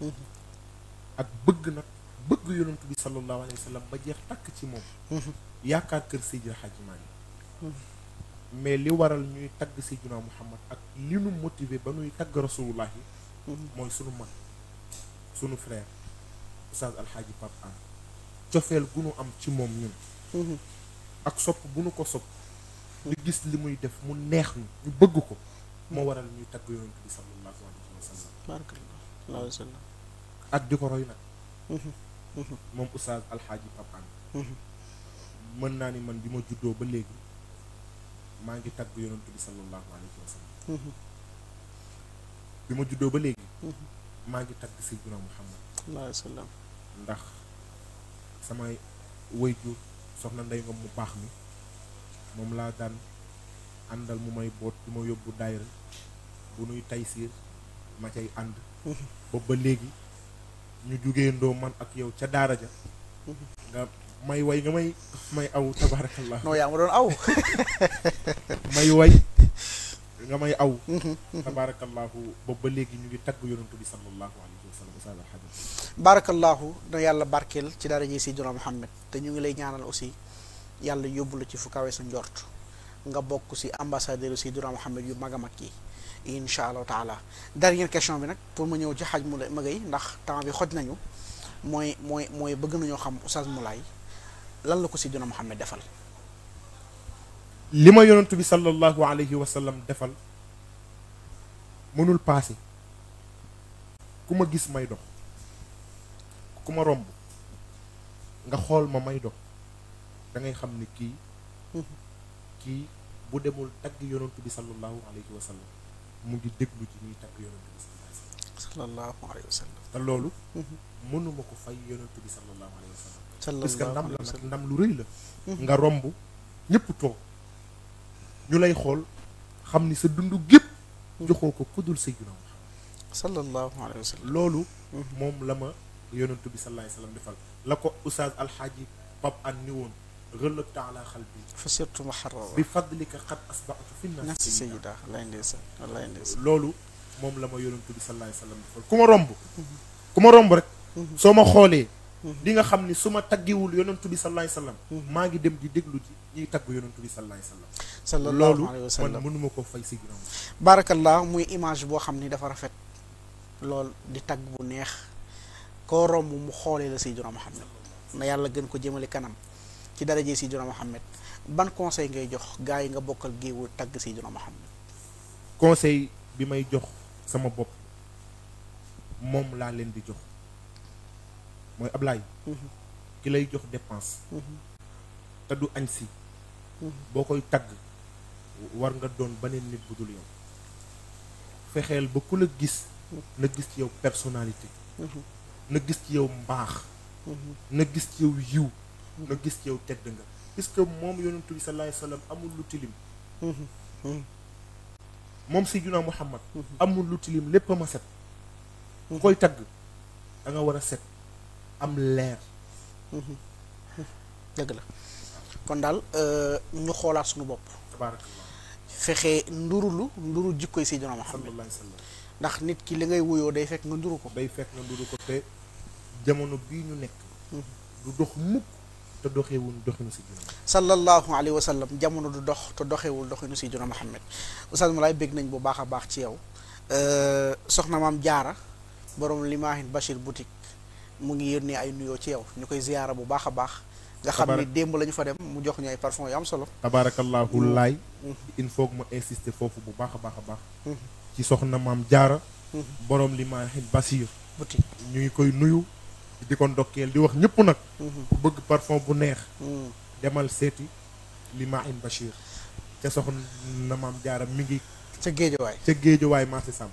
[SPEAKER 2] mm-hmm. ak bëgg nag bëgg yonent bi sallallahu alayhi wa ba jeex takk ci moom mm-hmm. yaakaar kër Seydil Hadji Malick mm-hmm. mais li waral ñuy tagg Seydina Muhammad ak li nu motivé ba nuy tagg rasulullah mooy sunu mag sunu frère Oustaz Alxaaji Pape cofeel gu nu am ci moom ñun ak sopp bu nu ko sopp di gis li muy def mu neex ñu ñu bëgg ko moo waral ñuy tagg yonent bi sallallahu barakallah ak di ko roy nag mhm. mhm. moom oustaz alxaaji Pape mhm. mën naa ni man bi ma juddoo ba léegi maa ngi tagg yonent bi sallallahu alayhi wa sallam ma juddoo ba léegi maa ngi tagg sayyidina Muhammad sallallahu alayhi ndax samay wayjur soxna ndey ngom mu baax mi moom laa daan àndal mu may boot du ma yóbbu daayira bu nuy taysiir ma cay ànd boobu ba léegi ñu jugee ndoo man ak yow ca daara ja may way nga may may aw tabaarakallah non yaa ma doon aw may way nga may aw tabaarakallahu boobu ba léegi ñu ngi tagg yonantu bi sallallahu alayhi wa sallam sal alxadim
[SPEAKER 1] baarakallahu na yàlla barkeel ci daara ji Seydina Muhammad te ñu ngi lay ñaanal aussi yàlla yóbbu la ci fu kawe sa njort nga bokk si ambassadeur Seydina Muhammad yu mag a mag yi incha allahu taala dernière question bi nag pour ma ñëw ci xaj mu magay ndax temps bi xoj nañu mooy mooy bëgg nañoo xam oustaz Moulay lan la ko
[SPEAKER 2] si dina Muhammad defal li ma yonentu bi sallallahu alayhi wa sallam defal mënul paase ku ma gis may dox ku ma romb nga xool ma may dox da xam ni kii mm-hmm. kii bu demul tagg yonentu bi sallallahu alayhi wa mu déglu ci ñuy tagg yonent te loolu mhm. mënuma ko fay yonent bi sallallahu alayhi wa sallam parce la mhm. nga romb ñëpp lay xool xam ni sa dund gépp mhm. joxoo ko ku dul sayyidina Muhammad sallallahu alayhi wa sallam moom la ma yonent bi sallallahu alayhi defal la ko oustaz alxaaji Pape An ni woon غلقت على قلبي فصرت محررا بفضلك قد اصبحت في النفس نفس سيدة الله ينديسان الله ينديسان لولو موم لما يولم تبي صلى الله عليه وسلم كما رمب كما رمب رك سوما خولي ديغا خمني سوما تاجيول يولم تبي صلى الله عليه وسلم ماغي ديم دي ديغلو جي ني تاجو يولم تبي صلى الله عليه وسلم صلى الله عليه وسلم من منمكو فاي سي غرام
[SPEAKER 1] بارك الله موي ايماج بو خمني دا رافيت لول دي تاج بو نيه كو رمب مو خولي لا سيدنا محمد ما يالا گن كو جيمالي كانام ci daraje sidina Muhammad. ban conseil ngay jox gaay nga bokal geewu tag sidina Mohamed
[SPEAKER 2] conseil bi may jox sama bop mom la len di jox mooy Ablaye mhm. ki lay jox dépense mhm. ta du añ Warga don mhm. koy war nga don banen nit budul yow fexel ba kula gis na gis ci yow personnalité na gis ci yow na gis ci yow yiw nga gis yow tedd nga puisque moom yonentu bi sallallahu alayhi wasallam amul lu tilim moom Seydina Muhammad amul lu tilim lépp ma set koy tagg da war a set am leer dëgg la
[SPEAKER 1] kon daal euh, ñu xoolaat suñu bopp fexe ndurulu nduru jikkoy Seydina Muhammad ndax nit ki li ngay wuyoo day fekk nga nduru ko day fekk nga nduru
[SPEAKER 2] ko te jamono bii ñu nekk du dox mukk te doxewul doxinu si juna
[SPEAKER 1] sallallahu alayhi wa sallam jamono du dox te doxewul doxinu si juna Muhammad Oustaz Moulaye bég nañ bu baax a baax ci yow euh, soxna maam jaara borom limaahin Bachir boutique mu ngi yónnee ay nuyoo ci yow ñu koy ziyaara bu baax a baax nga xam ni démb la fa dem mu jox ay parfum yu am solo
[SPEAKER 2] tabaarakallaahu mm-hmm. laay mm-hmm. il faut que ma foofu bu baax a baax a baax mm-hmm. ci soxna maam jaara borom limaahin Bachir boutique ñu koy nuyu di ko ndokkeel di wax ñëpp nag ku mhm. bëgg parfum bu neex mhm. demal seeti Limaïne Bachir ca soxna maam jaaram mi ngi ca géejawaay ca géejawaay marché Sam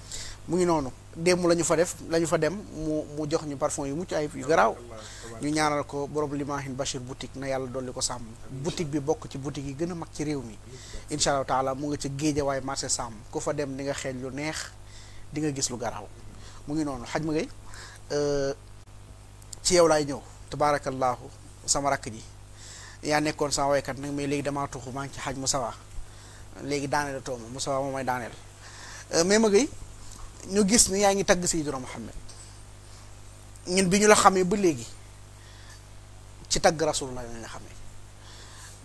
[SPEAKER 1] mu ngi noonu démb la ñu fa def lañu fa dem mu mu jox ñu parfum yu mucc ay yu garaaw ñu ñaanal ko borom Limahin Bachir boutique na yàlla dolli ko sàmm boutique bi bokk ci boutique yi gën a mag ci réew mi incha allahu taala mu nga ca géejawaay marché Sam ku fa dem di nga xeeñ lu neex di nga gis lu garaaw mu ngi noonu xaj ma euh, ci yow laay ñëw tabaarakallaahu sama rakk ji yaa nekkoon sama waykat nag mais léegi damaa tuxu maa ngi ci xaj mu Moussa léegi daaneel a mu Moussa moom mooy daaneel euh, mais ma gay ñu gis ni yaa ngi tagg si Seydina Muhammad ñun bi ñu la xamee ba léegi ci tagg Rasulullah la nga xamee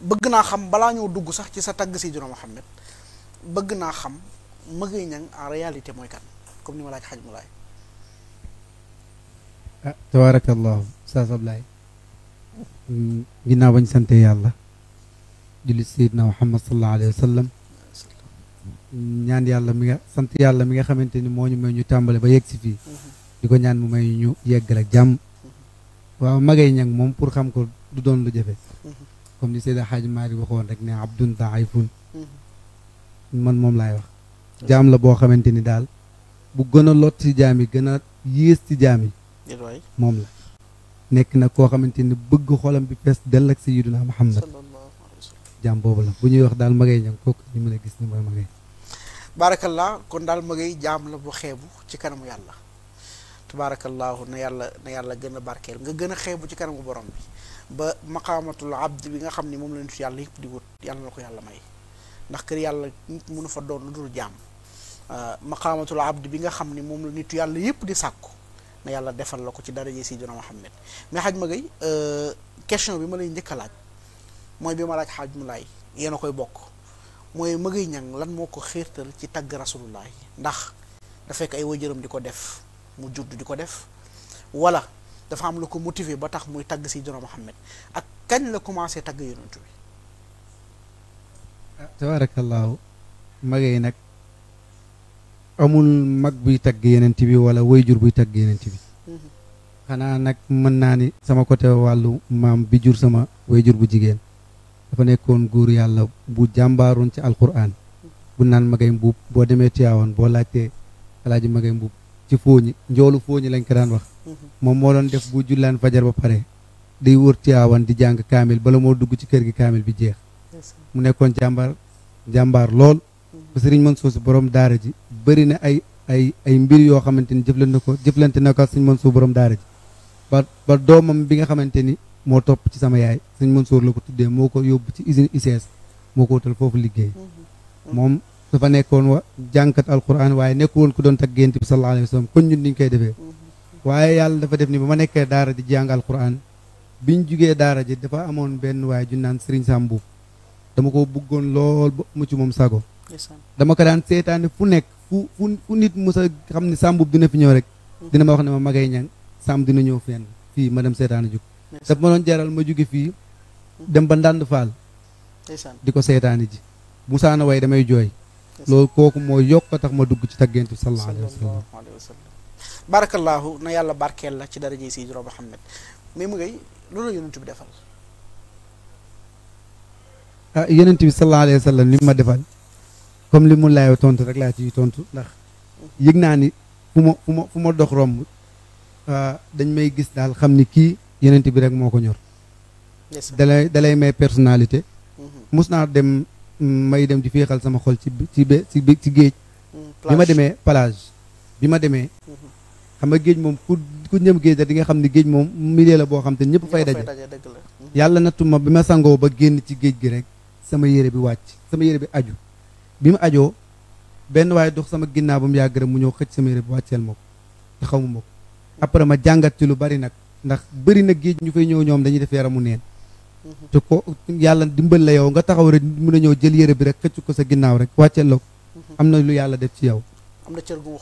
[SPEAKER 1] bëgg naa xam balaa ñoo dugg sax ci sa tagg Seydina Muhammad bëgg naa xam ma gay ñang en réyalité mooy kan comme ni ma laaj xaj mu laay
[SPEAKER 3] ah tabaarakallahu Oustaz Ablaye ginnaaw bañ sante yàlla julli na Muhammad sallallahu alayhi wa ñaan yàlla mi nga sant yàlla mi nga xamante ni moo ñu may ñu tàmbale ba yegg si fii di ko ñaan mu may ñu yegg ak jàmm waaw magay ñang moom pour xam ko du doon lu jafe comme ni Seydi Hadj Mari waxoon rek ne abdun daifun man moom laay wax jaam la boo xamante ni daal bu gën a lot ci jaam yi gën a yées ci jaam yi moom la nekk na koo xamante ni bëgg xolam bi fees dell ak sayyiduna Muhammad Jam boobu la bu ñuy wax Kok magay ñang kooku ñu mën gis ni mooy magay
[SPEAKER 1] barakallah kon daal magay lah la bu xeebu ci kanamu yalla. tabarakallahu na yàlla na yàlla gën a nga gën a ci kanamu borom bi ba maqaamatul abd bi nga xam ni moom la nit yalla yëpp di wut yàlla na ko yàlla may ndax kër yàlla nit mënu fa doon dul ah, abd bi nga xam ni moom la nit yëpp di sàkku na yàlla defal lako ci daraje sidina mohammed mais xaj ma gay euh question bi ma lay njëkk laaj moy bi ma laaj xaaj mu laay yéen a koy bokk mooy mëgay ñang lan moko xertal ci tag rasulullah ndax da fek ay wajeeram diko def mu judd diko def wala da fa am lako motiver ba tax moy tag sidina mohammed ak kañ la commencé tagg yonent bi
[SPEAKER 3] tabarakallahu mëgay nak amul mag buy tagg yenent bi wala wayjur buy tagg yenent bi xanaa nag mën naa ni sama côté wàllu maam bi jur sama wayjur bu jigéen dafa nekkoon góor yàlla bu jàmbaaroon ci alquran bu naan magay mbuub boo demee Tiwaawan boo laajtee alaaji magay mbuub ci fooñi njoolu fooñi lañ ko daan wax moom moo doon def bu jullaan fajar ba pare day wër Tiwaawan di jàng kaamil bala moo dugg ci kër gi kaamil bi jeex mu nekkoon jàmbaar jàmbaar lool mm-hmm. ba sëriñ Mansuur Si borom daara ji bëri na ay ay ay mbir yoo xamante ni jëflante na ko jëflante na ko sëñ Mansour borom daara ji ba ba doomam bi nga xamante ni moo topp ci sama yaay sëñ Mansour la ko tuddee moo ko yóbbu ci usine ICS moo ko wutal foofu liggéey mm-hmm. moom dafa nekkoon wa jànkat alquran waaye nekkul woon ku doon tag gént bi sallallahu alayhi wa sallam kon koy defee mm-hmm. waaye yàlla dafa def ni ba ma nekkee daara ji jàng alquran biñ jugee daara ji dafa amoon benn waaye ju naan Serigne Sambu dama ko bëggoon lool ba mu ci moom sago dama fu fu nit musa a xam ne dina fi ñëw rek dina ma wax ne ma magay ñang Sam dina ñëw fenn fii ma dem seetaan a ma jaral ma jóge fi dem ba ndànd faal di ko seetaani ji musaana way damay jooy loolu kooku mo yokk tax ma dugg ci taggentu sallallahu alayhi wa
[SPEAKER 1] barakallahu na yàlla barkeel la ci daraje Seydina Muhammad mais mu ngay loolu la yonent bi defal
[SPEAKER 3] ah yonent bi sallallahu alayhi wa defal comme li mu laayoo tontu rek laa ciy tontu ndax yëg naa ni fu ma fu ma dox romb euh, dañ may gis daal xam ni kii yenent bi rek moo ko ñor dalay dalay may personalité mm-hmm. mos naa dem mm, may dem di féexal sama xol ci ci ci ci géej mm, bi ma demee palage bi ma demee xam nga géej moom ku ku ñëm géej da xam ne géej moom milieu la boo xam te ñëpp fay daje mm-hmm. yàlla nattu ma bi ma sangoo ba génn ci géej gi rek sama yére bi wàcc sama yére bi aju bi ma ajoo benn waaye dox sama ginnaaw ba mu yàgg mu ñëw xëcc sama yére bi wàcceel ma ko te xaw ma ko après ma jàngat ci lu bari nag ndax bari na géej ñu fay ñëw ñoom dañuy def yaramu neen mm-hmm. te ko yàlla dimbal la yow nga taxaw rek mun a ñëw jël yére bi rek xëcc ko sa ginnaaw rek wàcceel la ko mm-hmm. am na lu yàlla def ci yow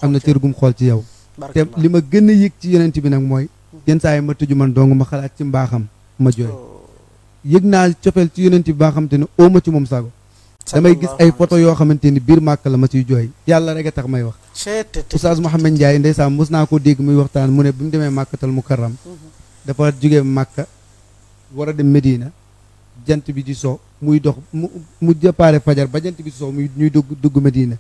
[SPEAKER 3] am na cër gum xool ci yow te li ma gën a yëg ci yonent bi nag mooy mm-hmm. yenn saa yi ma tëju man dong ma xalaat ci mbaaxam ma jooy oh. yëg naa cofeel ci yonent bi baa xam ne óoma ci moom sago damay gis ay photo yoo xamante ni biir màkk la ma ciy jooy yàlla rek a tax may wax oustaz Mouhamed Ndiaye ndeysaan mos naa ko dégg muy waxtaan mu ne bi mu demee màkkatal mukarram mhm. dafa jógee màkka war a dem Medina jant bi di so muy dox mu mu jëppaare fajar ba jant bi di so muy ñuy dugg dugg Medina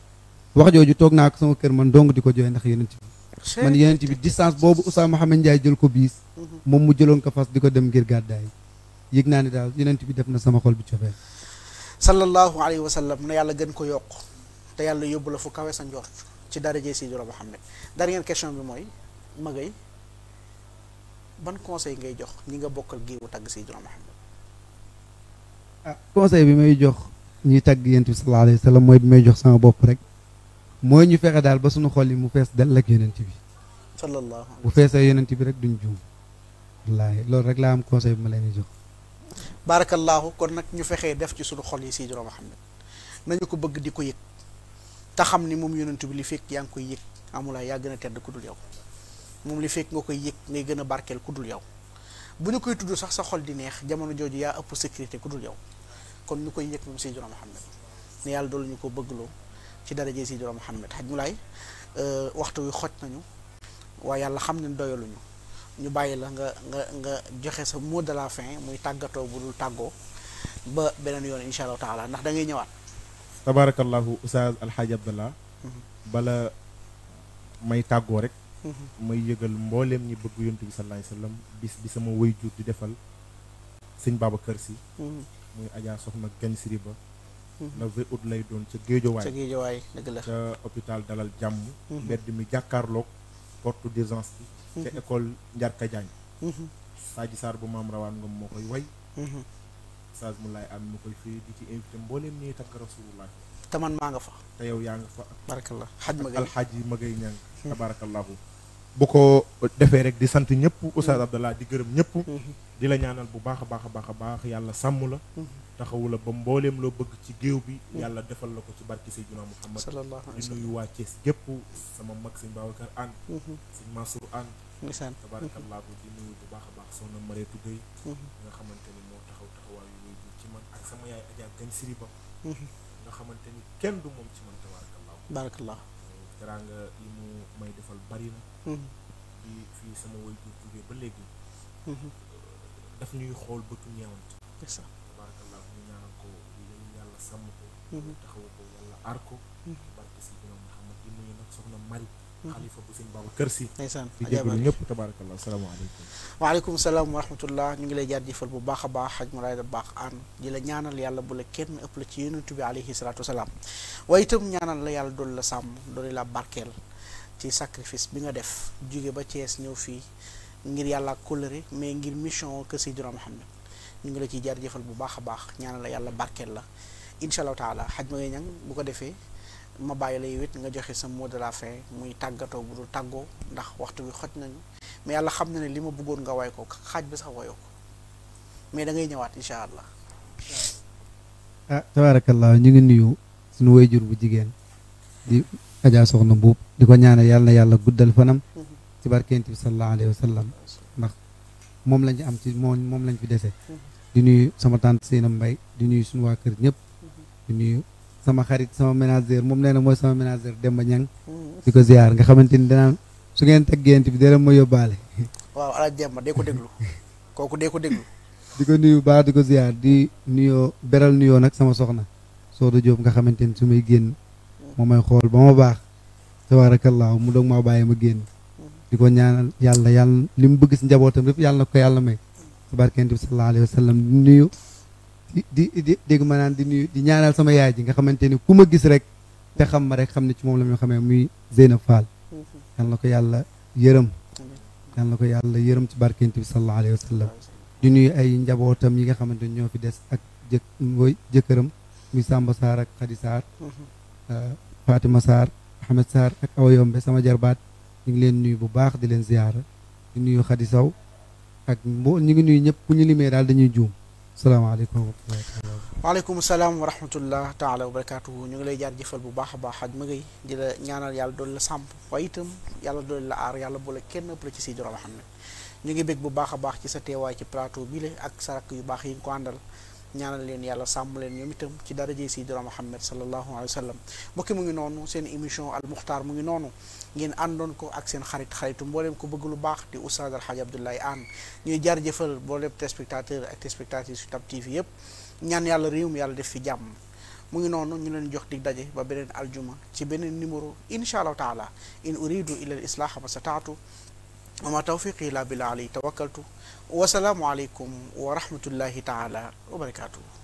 [SPEAKER 3] wax jooju toog naa ko sama kër man dong di ko jooy ndax yeneen bi man yeneen bi distance boobu Oustaz Mouhamed Ndiaye jël ko biis mhm. moom mu jëloon ko fas di ko dem ngir gàddaay yëg naa ne daal yeneen bi def na sama xol bi cofee
[SPEAKER 1] sallallahu alayhi wa sallam na yàlla gën ko yokk te yàlla yóbbu la fu kawe sa njort ci daraje Seydina Muhammad dernière question bi mooy magay ban conseil ngay jox ñi nga bokkal géewu tagg Seydina Muhammad
[SPEAKER 3] ah conseil bi may jox ñuy tagg yonent bi sallallahu alayhi wa mooy bi may jox sama bopp rek mooy ñu fexe daal ba suñu xol yi mu fees dell ak yonent bi
[SPEAKER 1] sallallahu
[SPEAKER 3] bu feesee yonent bi rek duñ juum wallaahi loolu rek laa am conseil bi ma leen jox
[SPEAKER 1] barakallahu kon nag ñu fexee def ci suñu xol yi Seydina Muhammad nañu ko bëgg di ko yëg te xam ni moom yonent bi li fekk yaa ngi koy yëg amula yaa gën a tedd ku dul yow moom li fekk nga koy yëg ngay gën a barkeel ku dul yow bu ñu koy tudd sax sa xol di neex jamono jooju yaa ëpp sécurité ku dul yow kon ñu koy yëg moom Seydina Muhammad ne yàlla doolu ñu ko bëggloo ci daraje Seydina Muhammad xaj mu laay waxtu wi xoj nañu waaye yàlla xam ne doyaluñu ñu bàyyi la nga nga nga joxe sa mot de fin muy tàggatoo bu dul tàggoo ba beneen yoon incha allahu taala ndax da ngay ñëwaat.
[SPEAKER 2] tabaarakallahu Oustaz Alhaji Abdallah mhm. bala may tàggoo rek. Mhm. may yëgal mbooleem ñi bëgg yontu sa sallallahu alayhi bis bi sama way jur di defal sëñ kër Si. Mhm. muy Adja Soxna Gañ Siri ba. le vingt août lay doon ca Géejowaay ca Géejowaay dëgg la ca hôpital Dalal Jàmm. mbedd mi jàkkaarloog porte d'urgence bi. te école Njarka Jaañ Sadji Sarr bu maam rawaan ngam moo koy way Saaj mu laay am mu koy fii di ci invité mbooleem ñuy takk rasulullah te man maa nga fa te yow yaa nga fa barakallah xaj ma gay alxaj ma gay ñang tabarakallahu bu ko defee rek di sant ñëpp oustaz abdallah di gërëm ñëpp di la ñaanal bu baax a baax a baax a baax yàlla sàmm la taxawu la ba mbooleem loo bëgg ci géew bi yàlla defal la ko ci barki Seydina Muhammad di nuyu waa Cees gépp sama mag sëñ Babacar Anne sëñ Mansour Anne ndeysaan tabarakallahu di bu baax a baax soxna Mareetu Gueye mhm. nga xamante ni moo taxaw taxawaay yooyu bu ci man ak sama yaay Adja Gañ Siri Ba mhm. nga xamante ni kenn du moom ci man tabarakallahu barakallahu euh, teraanga li mu may defal bari na mhm. fii sama way bu ba léegi euh, daf ñuy xool bëtu ñeewante tabarakallahu ñu ñaanal ko yéen ko taxaw ko yàlla aar ko si ginnaaw nga xamante ni nuyu nag soxna Mari xalifa bu sëñ kër Si ndeysaan di jégalu ñëpp tabaarakallah salaamaaleykum
[SPEAKER 1] waaleykum salaam wa ñu ngi lay jaajëfal bu baax a baax xaj mu raay baax aan di la ñaanal yàlla bu la kenn ëpp la ci yonent bi alayhi salaatu wasalaam waaye itam ñaanal la yàlla dool la sàmm doolu la barkeel ci sacrifice bi nga def jóge ba Thiès ñëw fii ngir yàlla ak coloré mais ngir mission que Seydina Muhammad ñu ngi la ciy jëfal bu baax a baax ñaanal la yàlla barkeel la incha allahu xaj ma ngay ñang bu ko defee ma bàyyi la yow nga joxe sa mot de la fin muy tàggatoo bu du tàggoo ndax waxtu bi xoj nañu mais yàlla xam na ne li ma bëggoon nga way ko xaaj bi sax wayoo ko mais dangay ñëwaat incha allah.
[SPEAKER 3] ah tabaarakallaa ñu ngi nuyu suñu jur bu jigéen di Adja Soxna Mbuub di ko ñaanal yàlla yàlla guddal fanam. ci barkeent bi sallallahu alayhi wa sallam ndax moom lañ am ci moom lañ fi dese. Mm-hmm. di nuyu sama tànt Seyna Mbay di nuyu suñu waa kër ñëpp di nuyu. sama xarit sama ménagère moom nee na mooy sama ménagère Demba Ñang mm. di ko ziar nga xamante ni danaan su ngeen teggéeyante bi dara ma yóbbaale
[SPEAKER 1] waaw ala Demba dee ko déglu kooku dee ko déglu
[SPEAKER 3] di ko nuyu baax di ko ziar di nuyoo beral nuyoo nag sama soxna Sooda Diop nga xamante ni su may génn mm. moo may xool ba ma baax tabaarakallaahu mu doog maa bàyyi ma génn mm. di ko ñaanal yàlla yàlla li mu bëgg si njabootam rek yàlla na ko yàlla may barkent bi sallallahu alayhi wa sallam nuyu di di dégg ma naan di nuyu di ñaanal sama yaay ji nga xamante ni ku ma gis rek te xam ma rek xam ne ci moom la ñu xamee muy Zeynab Fall mm-hmm. yal na ko yàlla yërëm yal na ko yàlla yërëm ci barkent bi sallallahu alayhi di nuyu ay njabootam yi nga xamante ni ñoo fi des ak jëk jëkkëram muy Samba Sarr ak Khady Sarr mm-hmm. euh, Fatima Sarr Ahmed Sarr ak Awa sama jarbaat ñu ngi leen nuyu bu baax di leen ziyaara di nuyu Khady saw ak mbo ñu ngi nuyu ñëpp ku ñu limee daal dañuy juum salaamaaleykum wa rahmatulah.
[SPEAKER 1] waaleykum salaam wa rahmatulah taala wa barakaatu ñu ngi lay jaar jëfal bu baax a baax ak mëgëy di la ñaanal yàlla doon la sàmp waaye itam yàlla doon la aar yàlla bu la kenn ëpp la ci Seydina Muhammad ñu ngi bég bu baax a baax ci sa teewaay ci plateau bi la ak sa rakk yu baax yi nga ko àndal. ñaanal leen yàlla sàmm leen ñoom itam ci daraje Seydina Muhammad sallallahu alayhi wa sallam mbokki mu ngi noonu seen émission Al Moukhtar mu ngi noonu ngeen àndoon ko ak seen xarit xaritu mbooleem ko bëgg lu baax di oustaz alxaaji Abdoulaye Anne ñuy jaarjëfal mbooleem téléspectateur ak téléspectatrice yu Tab TV yëpp ñaan yàlla réew mi yàlla def fi jàmm mu ngi noonu ñu leen jox dig daje ba beneen aljuma ci beneen numéro incha allah taala in uridu ila al islaaha ma sataatu wa ma tawfiqi illa billah alayhi tawakkaltu wasalaamu aleykum wa rahmatullahi taala wa barakaatuhu